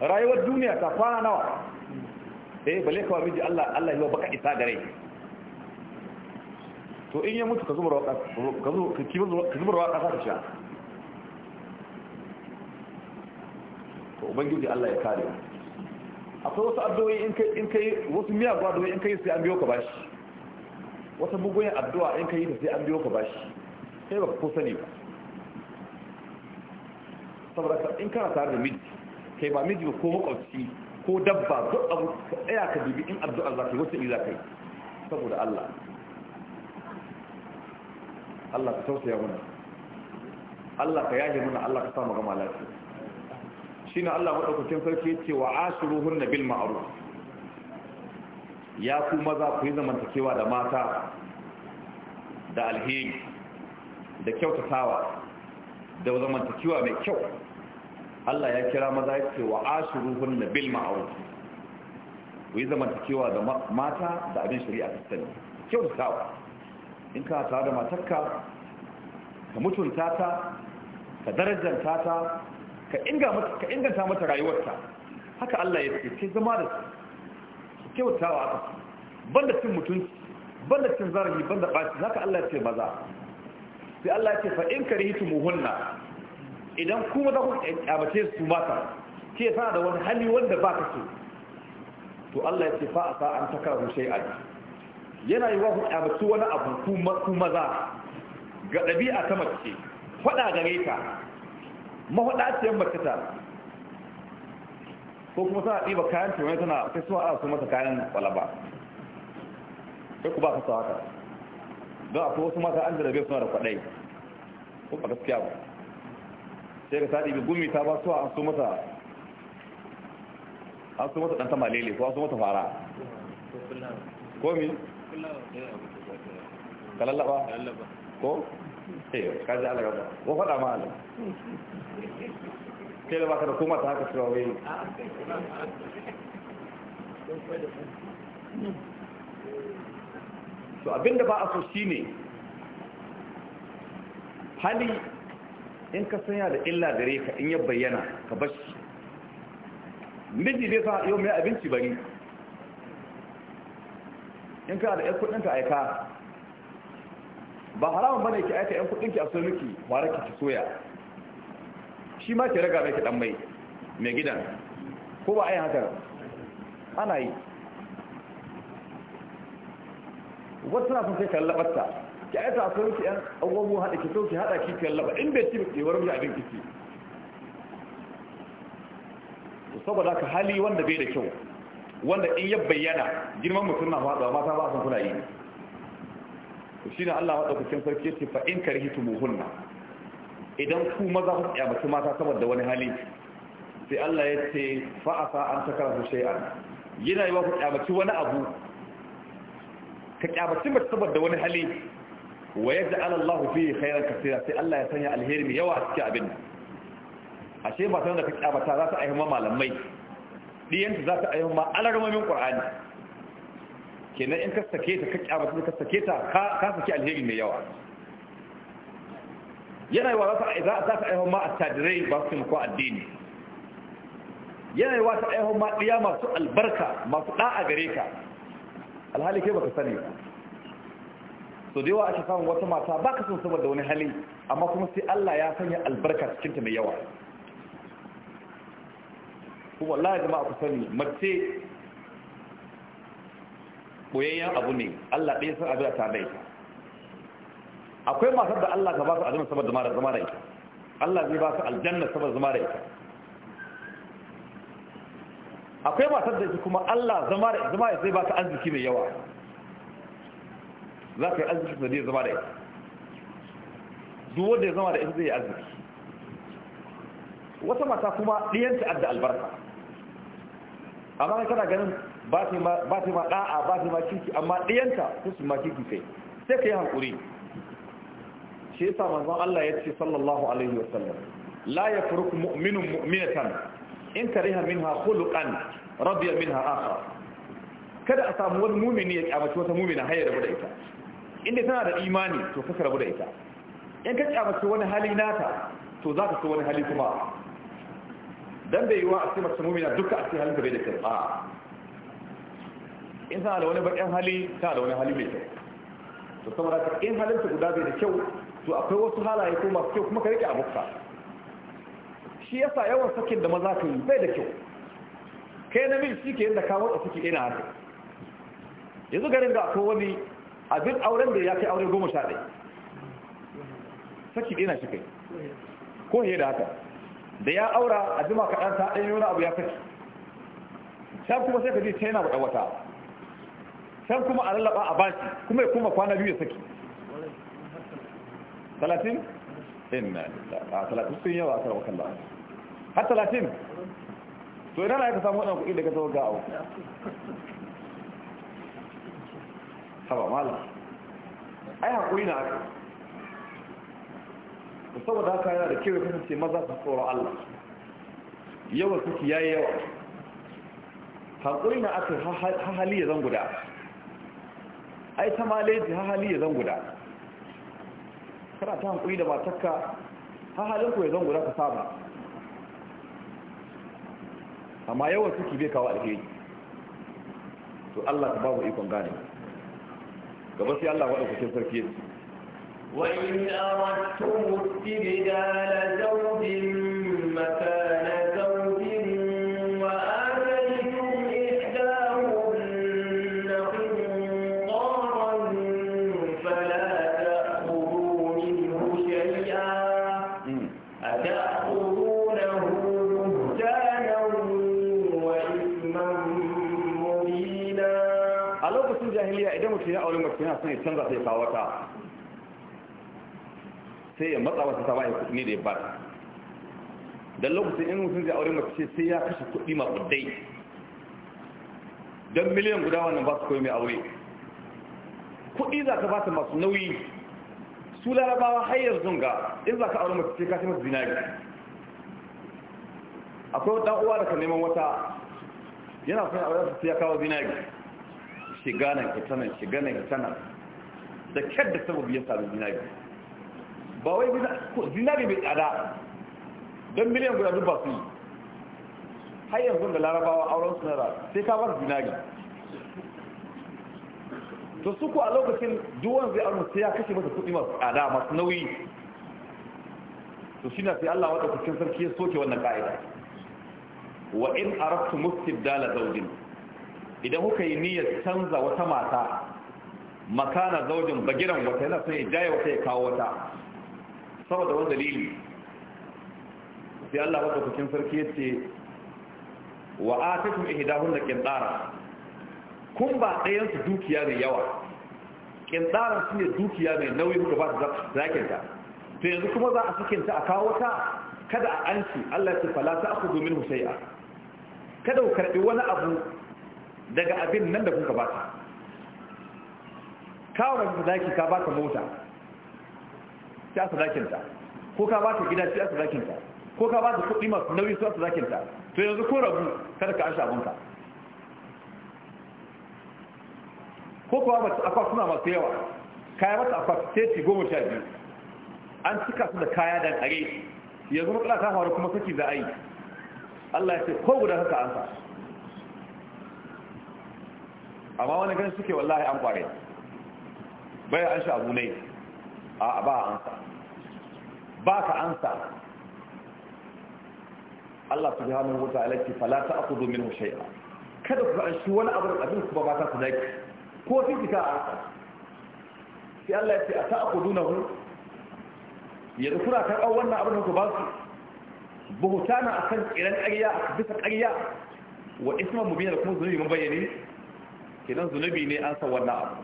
rayuwar duniya ta kwana nawa eh balle ka miji Allah Allah himin baka kita gare to in ya mutu ka zubar waka ka zubar waka ka sha to ubangiji Allah ya kare mu akwai wasu addu'o'i in kai in kai wasu miyagun addu'o'i in kai sai an biyo ka bashi wata bugoyin addu'a in kai sai an biyo ka bashi sai baka ko sani ba saboda ka in kana tare da miji kai ba miji ba ko makwabci ko dabba duk abu ka tsaya ka bibi in addu'a za ka yi wata ila kai saboda Allah Allah ka tausaya mana Allah ka yaje mana Allah ka sa mu gama lafiya shine Allah madaukakin sarki ce wa ashiruhunna bil ma'ruf ya ku maza ku yi zamantakewa da mata da alheri da kyautatawa da zamantakewa mai kyau Allah ya kira maza ce wa ashiruhunna bil ma'ruf ku yi zamantakewa da mata da abin shari'a ta sani kyautatawa in ka tare da matarka ka mutunta ta ka darajanta ta ka inganta mata rayuwarta haka Allah ya ce ke zama da su kyautawa aka banda cin mutunci banda cin zarafi banda ɓaci haka Allah ya ce maza sai Allah ya ce fa in karihitu muhunna idan kuma za ku kyamace su mata ke sa da wani hali wanda ba ka so to Allah ya ce fa asa an takara shay'an yana yi wa ku kyamace wani abu ku maza ga ɗabi'a ta mace faɗa gare ta mahudaciyar mace ta ko kuma tana ɗiba kayan tumai tana sai suwa a su masa kayan kwalaba sai ku ba ka sawaka don akwai wasu mata an jarabe suna da kwaɗai ko ba gaskiya ba sai ka saɗi gumi ta ba suwa an su masa an su mata ɗan ta malele ko an su masa fara ko mi? kalallaba ko? eh kaji Allah gaba ko faɗa ma Allah kai da baka da kuma ta haka cewa wai to abinda ba a so ne, hali in ka sanya da illa gare ka in ya bayyana ka bashi miji zai sa yau mai abinci bari in ka da ƴar kudinta aika ba haramun bane ki aika yan kudin ki a sunuki mara ki soya shi ma ki raga ki dan mai mai gidan ko ba ai haka ana yi wata na sun kai labarta ki aika a sunuki yan abubuwan hada ki soki hada ki kallaba in bai ci ki warmi abin kici saboda ka hali wanda bai da kyau wanda in ya bayyana girman mutum na faɗuwa mata ba sun kula yi to shine Allah madaukakin sarki ce fa in karhitumuhunna idan ku maza ku kyamaci mata saboda wani hali sai Allah yace fa asa an takarhu shay'an yana yi wa ku kyamaci wani abu ka kyamaci mata saboda wani hali wa yaj'al Allah fihi khairan kaseera sai Allah ya sanya alheri mai yawa a cikin abin ashe ba sanar da ka kyamata za ta aihima malamai diyanta za ta aihima alarmamin qur'ani kenan in ka sake ta ka kyamata ka sake ta ka saki alheri mai yawa yana yi wa za ta aiho ma a tadirai ba su taimako addini yana yi wa ta aiho ma ɗiya masu albarka masu ɗa'a gare ka alhali kai baka sani ba so da yawa ake samun wata mata ba ka sun saboda wani hali amma kuma sai Allah ya sanya albarka cikinta mai yawa kuma Allah ya zama a ku sani mace boyayyen abu ne Allah ɗaya san abin ta da ita akwai masu da Allah ka ba su aljanna saboda da zama da ita Allah zai ba su aljanna saboda zama da ita akwai masu da ita kuma Allah zama da zai ba su arziki mai yawa za ka yi arziki da zai zama da ita duk da ya zama da ita zai yi arziki wata mata kuma ɗiyanta adda albarka amma kana ganin ba ta ma ɗa'a ba ta ma kirki amma ɗiyanta su su ma kirki sai sai ka yi hankuri shi yasa manzon Allah ya ce sallallahu alaihi wasallam la ya yafruku mu'minun mu'minatan in kariha minha khuluqan radiya minha akhar kada a samu wani mumini ya kyamaci wata mumina har ya rabu da ita inda tana da imani to ka rabu da ita in ka kyamaci wani hali nata to za ka so wani hali kuma dan bai yi wa a ce mace mumina duka a ce hali da bai da kirba in sa da wani bakin hali ta da wani hali mai kyau to saboda ka in halin ta guda bai da kyau to akwai wasu halaye ko masu kyau kuma ka rike abokka shi yasa yawan sakin da maza ka yi bai da kyau kai namiji shi ke yin da kawo suke ina haka yanzu garin da akwai wani abin auren da ya kai aure goma sha ɗaya saki ɗina shi kai ko he da haka da ya aura a jima kaɗan ta ɗanyo wani abu ya saki can kuma sai ka ji ta yana baɗa wata can kuma a lallaba a bashi kuma ya kuma kwana biyu ya saki talatin inna lillahi talatin sun yawa a karwa kalla har talatin to idan na ka samu waɗannan kuɗi daga zuwa ga'awa haba mala ai haƙuri na aka saboda haka yana da kewa kasance maza su tsoron allah yawa suke yayi yawa haƙuri na aka hahali ya zan guda ai ta maleji ha hali ya zanguda kana ta hankuli da matakka ha halin ku ya zanguda ka saba amma yawan suke bai kawo alheri to Allah ta babu ikon gane gaba sai Allah wadda kuke sarki yake وإن أردتم استبدال زوج مكان ce ya aure mace yana son ya canza sai kawo ta sai ya matsa wata tawaye kuɗi ne da ya bar dan lokacin in mutum zai aure mace sai ya kashe kuɗi maƙudai don miliyan guda wannan ba su koyi mai aure kuɗi za ka ba ta masu nauyi su larabawa har yanzu ga in za ka aure mace ce ka ce masa zinari akwai ɗan uwa da ka neman wata yana son aure sai ya kawo zinari shiga nan hitanan shiga nan da kyar da sababu ya sami zinari ba wai zinari mai tsada don miliyan guda duk ba su yi har yanzu da larabawa auren su nara sai ka bar zinari to su ku a lokacin duwan zai auren sai ya kashe masa kuɗi masu tsada masu nauyi to shi na sai Allah da kusurkin sarki ya soke wannan ka'ida wa in arabtu dala zaujin. idan kuka yi niyyar canza wata mata makana zaujin bagiran wata yana son ya jaye wata ya kawo wata saboda wani dalili sai Allah wata kukin sarki yace wa atakum ihdahunna kintara kun ba ɗayan su dukiya mai yawa qintara su ne dukiya mai nauyi kuka ba su zakinta to yanzu kuma za a cikin ta a kawo wata? kada a anci Allah ya ce fala ta'khudhu minhu shay'a kada ku karbi wani abu daga abin nan da kuka bata kawo da sadaki ka bata mota sai a sadakinta ko ka bata gida sai a sadakinta ko ka bata kudi masu nauyi su a sadakinta to yanzu ko rabu kada ka ashe abinka ko kuwa mace suna masu yawa kaya mata teti goma sha biyu an cika su da kaya dan are yanzu matsala ta faru kuma saki za a yi Allah ya ce ko guda haka an sa amma wani gan suke wallahi an kware bai an shi abu ne a ba ansa ba ka ansa Allah subhanahu wa ta'ala ki fala ta'khudhu minhu shay'a kada ku an shi wani abu abin ku ba ta ku dai ko fi kika ansa sai Allah ya ce ata'khudunahu yanzu kuna karɓar wannan abin da ku ba su buhutana akan kiran ƙarya bisa ƙarya wa isma mubina da kuma zunubi mabayyani kenan zunubi ne an san wannan abu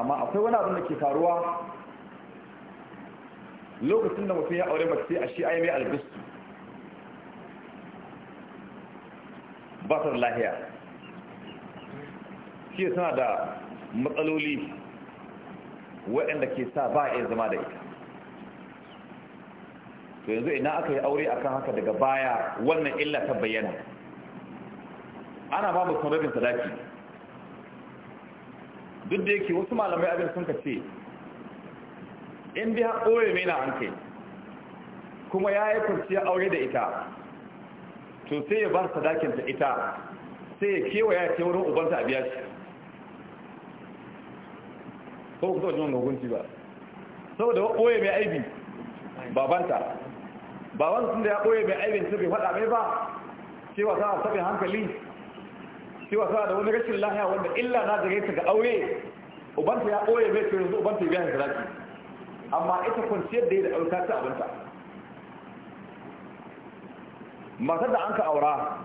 amma akwai wani abin da ke faruwa lokacin da mutum ya aure mace sai a shi ayi mai albistu ba ta lahiya shi suna da matsaloli waɗanda ke sa ba iya zama da ita to yanzu ina aka yi aure akan haka daga baya wannan illa ta bayyana ana ba mutum rabin sadaki duk da yake wasu malamai abin sun ka ce in bi ɓoye mena an kai kuma ya yi kwanciya aure da ita to sai ya ba sadakinta ita sai ya kewaya ce wurin ubanta a biya shi sau kusa wajen hukunci ba saboda ɓoye mai aibi babanta baban sun da ya ɓoye mai aibin su bai faɗa mai ba cewa ta a hankali cewa sa da wani rashin lahiya wanda illa na gare ta ga aure ubanta ya ɓoye mai to yanzu ubanta ya biya zaki amma ita kwanciyar da ya da aure ta ci abinta matar da an ka aura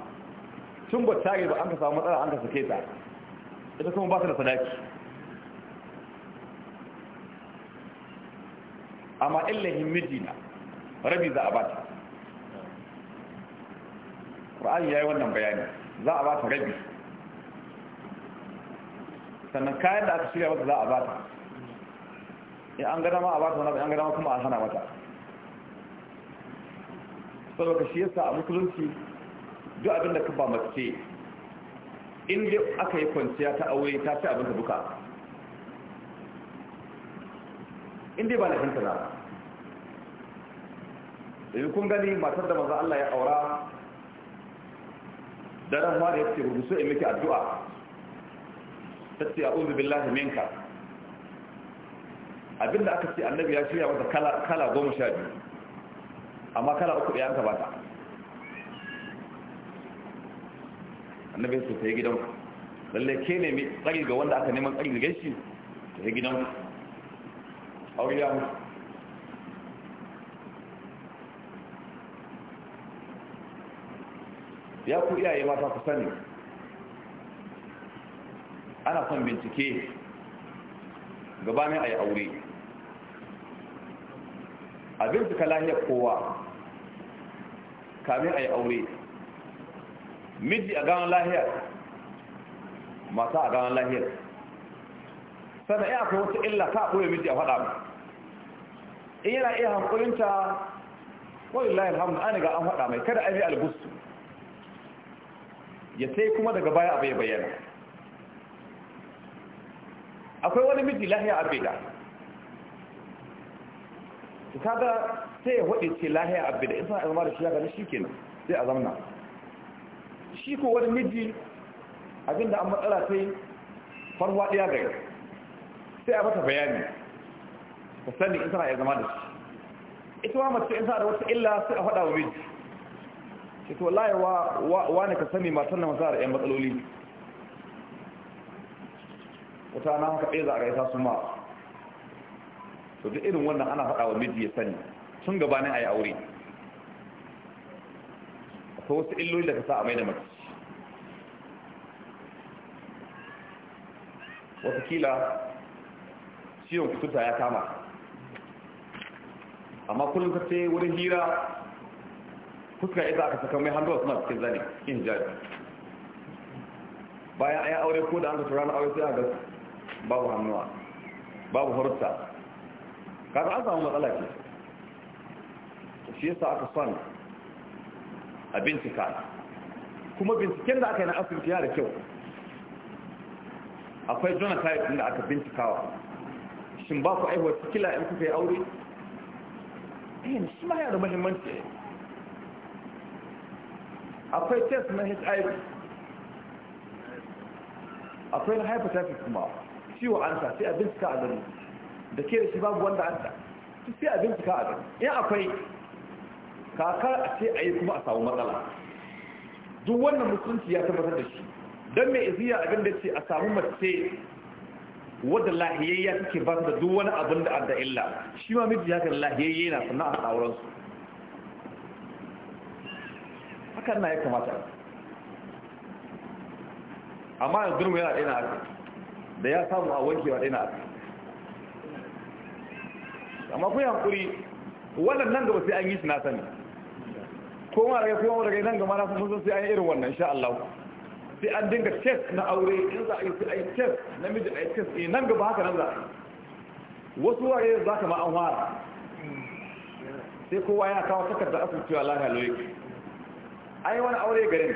tun ba tare ba an ka samu matsala an ka sake ta ita kuma ba ta da sadaki amma illahin mijina rabi za a ba ta ra'ayi ya yi wannan bayani za a ba ta rabi sannan kayan da aka shirya wata za a bata in an gada ma a bata wani an gada ma kuma a hana mata saboda shi yasa a musulunci duk abin da ka ba mace inda aka yi kwanciya ta aure ta ce abin da buka in dai ba na hinta na da kun gani matar da maza Allah ya aura daren ma da ya ce rubusu in miki addu'a ta ce ubi billahi minka abinda aka ce annabi ya shirya wata kala goma sha biyu amma kala uku ya an bata annabi su ta yi gidanku lalle ke ne mai tsari ga wanda aka neman tsari ga shi ta yi gidanku aure ya ya ku iyaye mata ku sani ana son bincike gabanin a yi aure a bincika lahiyar kowa kamin a yi aure miji a ganin lahiyar mata a ganin lahiyar sannan iya kuma wata illa ta koya miji a faɗa ba in yana iya hankulinta wani lahiyar hamdu an ga an faɗa mai kada a yi algusu ya sai kuma daga baya abu ya bayyana akwai wani miji lahiya a bida su kaga sai ya waɗe ce lahiya a bida in suna zama da shi ya gani shi nan sai a zamna shi ko wani miji abinda an matsala sai farwa ɗaya gari sai a mata bayani ka sani in tana ya zama da shi ita wa mace in tana da wata illa sai a faɗa wa miji ce to layewa wa ne ka sani matan nan tana da ƴan matsaloli wata na haka ɗaya za a gaisa su ma sau irin wannan ana faɗa wa miji ya sani sun gabanin a yi aure A sau wasu illoli da ka sa a mai da mace watakila ciwon kututa ya kama amma kullum ka ce wurin hira fuska ita aka saka mai hannuwa suna cikin zane in jari bayan ayan aure ko da an ka turana aure sai a gasu babu hannuwa babu hurta kaga an samu matsala ke shi yasa aka son a bincika kuma binciken da aka yi na asibiti ya da kyau akwai genotype da aka bincikawa shin ba ku aihuwa cikila in kuka yi aure eh shi ma yana da mahimmanci akwai test na hiv akwai na hepatitis kuma ciwo an sa sai abin suka a gani da ke da shi babu wanda an sa sai abin suka a gani in akwai kakar a ce a yi kuma a samu matsala duk wannan musulunci ya tabbatar da shi don mai iziya abin da ce a samu mace wadda lahiyayya suke ba da duk wani abin da adda illa shi ma miji haka lahiyayya na sannan a sauransu hakan na ya kamata amma yanzu mu yana ɗaya na da ya samu a wanke ɗaya na aka amma ku yi hankuri wannan nan gaba sai an yi na sani ko ma daga kuma daga nan gaba na sun sai an yi irin wannan sha Allah sai an dinga test na aure in za a yi sai a yi test namiji a yi test ne eh, nan gaba haka nan za a wasu waye za ka ma an wara sai kowa ya kawo takarda asibiti wa lafiya loyi an yi wani aure garin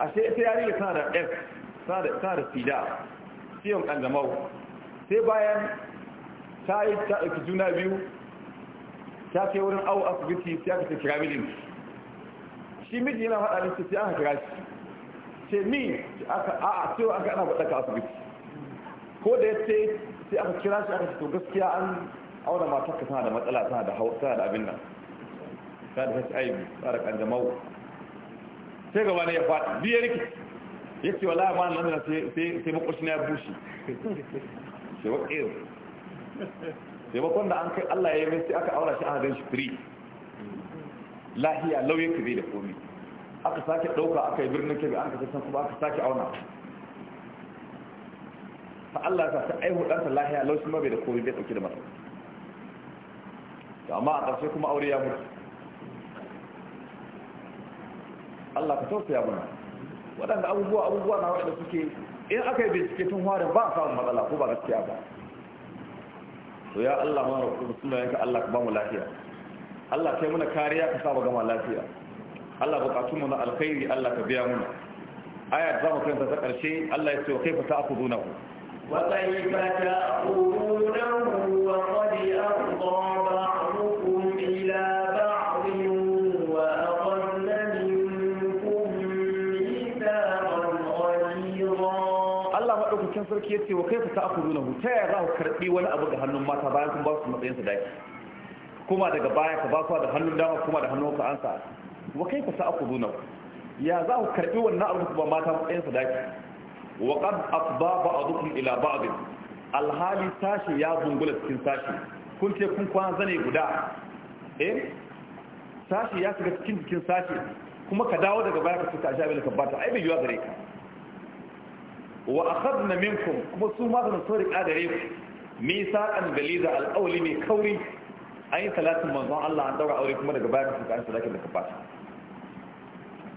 A sai ita yari da tana da s tana da sida Siyan kanjamau sai bayan ta yi ta ɗauki juna biyu ta ce wurin awo asibiti sai aka ce kira milin shi miji yana faɗa liki sai aka kira shi ce ni aka a'a cewa aka ana faɗa ka asibiti ko da ya ce sai aka kira shi aka ce to gaskiya an auna matar ka tana da matsala tana da hau tana da abin nan tana da HIV tana da kanjamau sai gaba ne ya faɗi biyar rikici yake wala ma nan sai makwashi na ya bushe sai wakil eh. sai bakon da an kai allah ya yi sai aka aura shi a gan shi firi lahiya lauye ka zai da komi aka sake ɗauka aka yi birnin kebe an kasar can kuma aka sake auna ta allah ta sa aihu ɗansa lahiya laushi ma bai da komi bai ɗauki da mata amma a ƙarshe kuma aure ya mutu allah ka tausaya mana waɗanda abubuwa abubuwa na waɗanda suke in aka yi bincike tun hwari ba a samun matsala ko ba gaskiya ba to ya Allah mana rabu suna yanka Allah ka ba mu lafiya Allah kai muna kariya ka saba gama lafiya Allah bukatun mu na alkhairi Allah ka biya muna aya za mu kanta ta ƙarshe Allah ya ce kai kaifa ta'khudunahu wa kaifa ta'khudunahu sarki yace wa kaifa ta'khuduna hu ta za ku karbi wani abu da hannun mata bayan kun ba su matsayin su daki kuma daga baya ka ba su da hannun dama kuma da hannun ka ansa wa kaifa ta'khuduna ya za ku karɓi wannan abu kuma mata matsayin su daki wa qad asba ba'dukum ila ba'd alhali sashi ya bungula cikin sashi kun ce kun kwana zane guda eh sashi ya shiga cikin cikin sashi kuma ka dawo daga baya ka fita ajabin ka bata ai bai yiwa gare ka wa akhadna minkum kuma su ma da sori kadare ku misaqan galiza alqawli mai kauri ayi salatin manzon Allah an daura aure kuma daga baya bayan su kan salatin da ka fata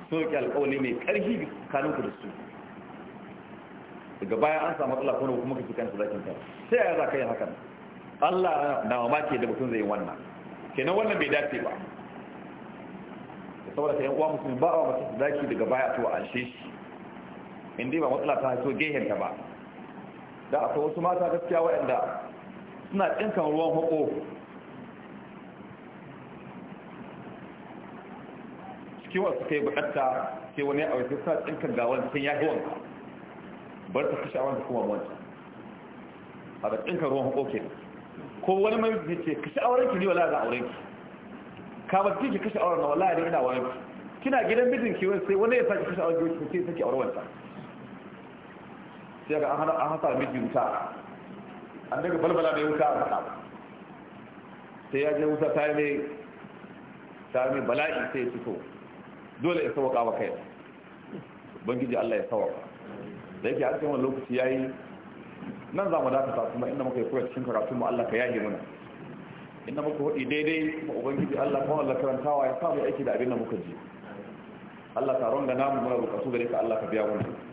so ki al alqawli mai karfi kanun ku da su daga baya an samu matsala kuma kuma kike kan salatin ka sai ya za ka yi hakan Allah na ma ke da mutun zai wannan kenan wannan bai dace ba saboda kai uwa musulmi ba a mace zaki daga baya to an shi inda ba matsala ta haito gehenta ba da aka wasu mata gaskiya waɗanda suna ɗinkan ruwan hako cikin wasu kai bukatta sai wani a wasu suna ɗinkan gawar sun ya yi bar ta kashe awon da kuma wancan a da ɗinkan ruwan hako ke ko wani mai zai ce kashe auren ki ne wala za auren ki kamar ki kashe auren na wala ne ina wani kina gidan mijinki wani sai wani ya sake kashe auren ki sai sake auren wancan sai ga an hasa miji wuta an daga balbala mai wuta a hasa sai ya je wuta ta mai ta mai bala'i sai ya fito dole ya sauwaka wa kai bangiji Allah ya sauwaka da yake an wani lokaci ya yi. nan za mu dakata kuma inda muka yi kura cikin karatu mu Allah ka yaye mana inda muka hudi daidai kuma ubangiji Allah kuma Allah karantawa ya samu aiki da abin da muka ji Allah taron da namu muna roƙa su gare ka Allah ka biya mana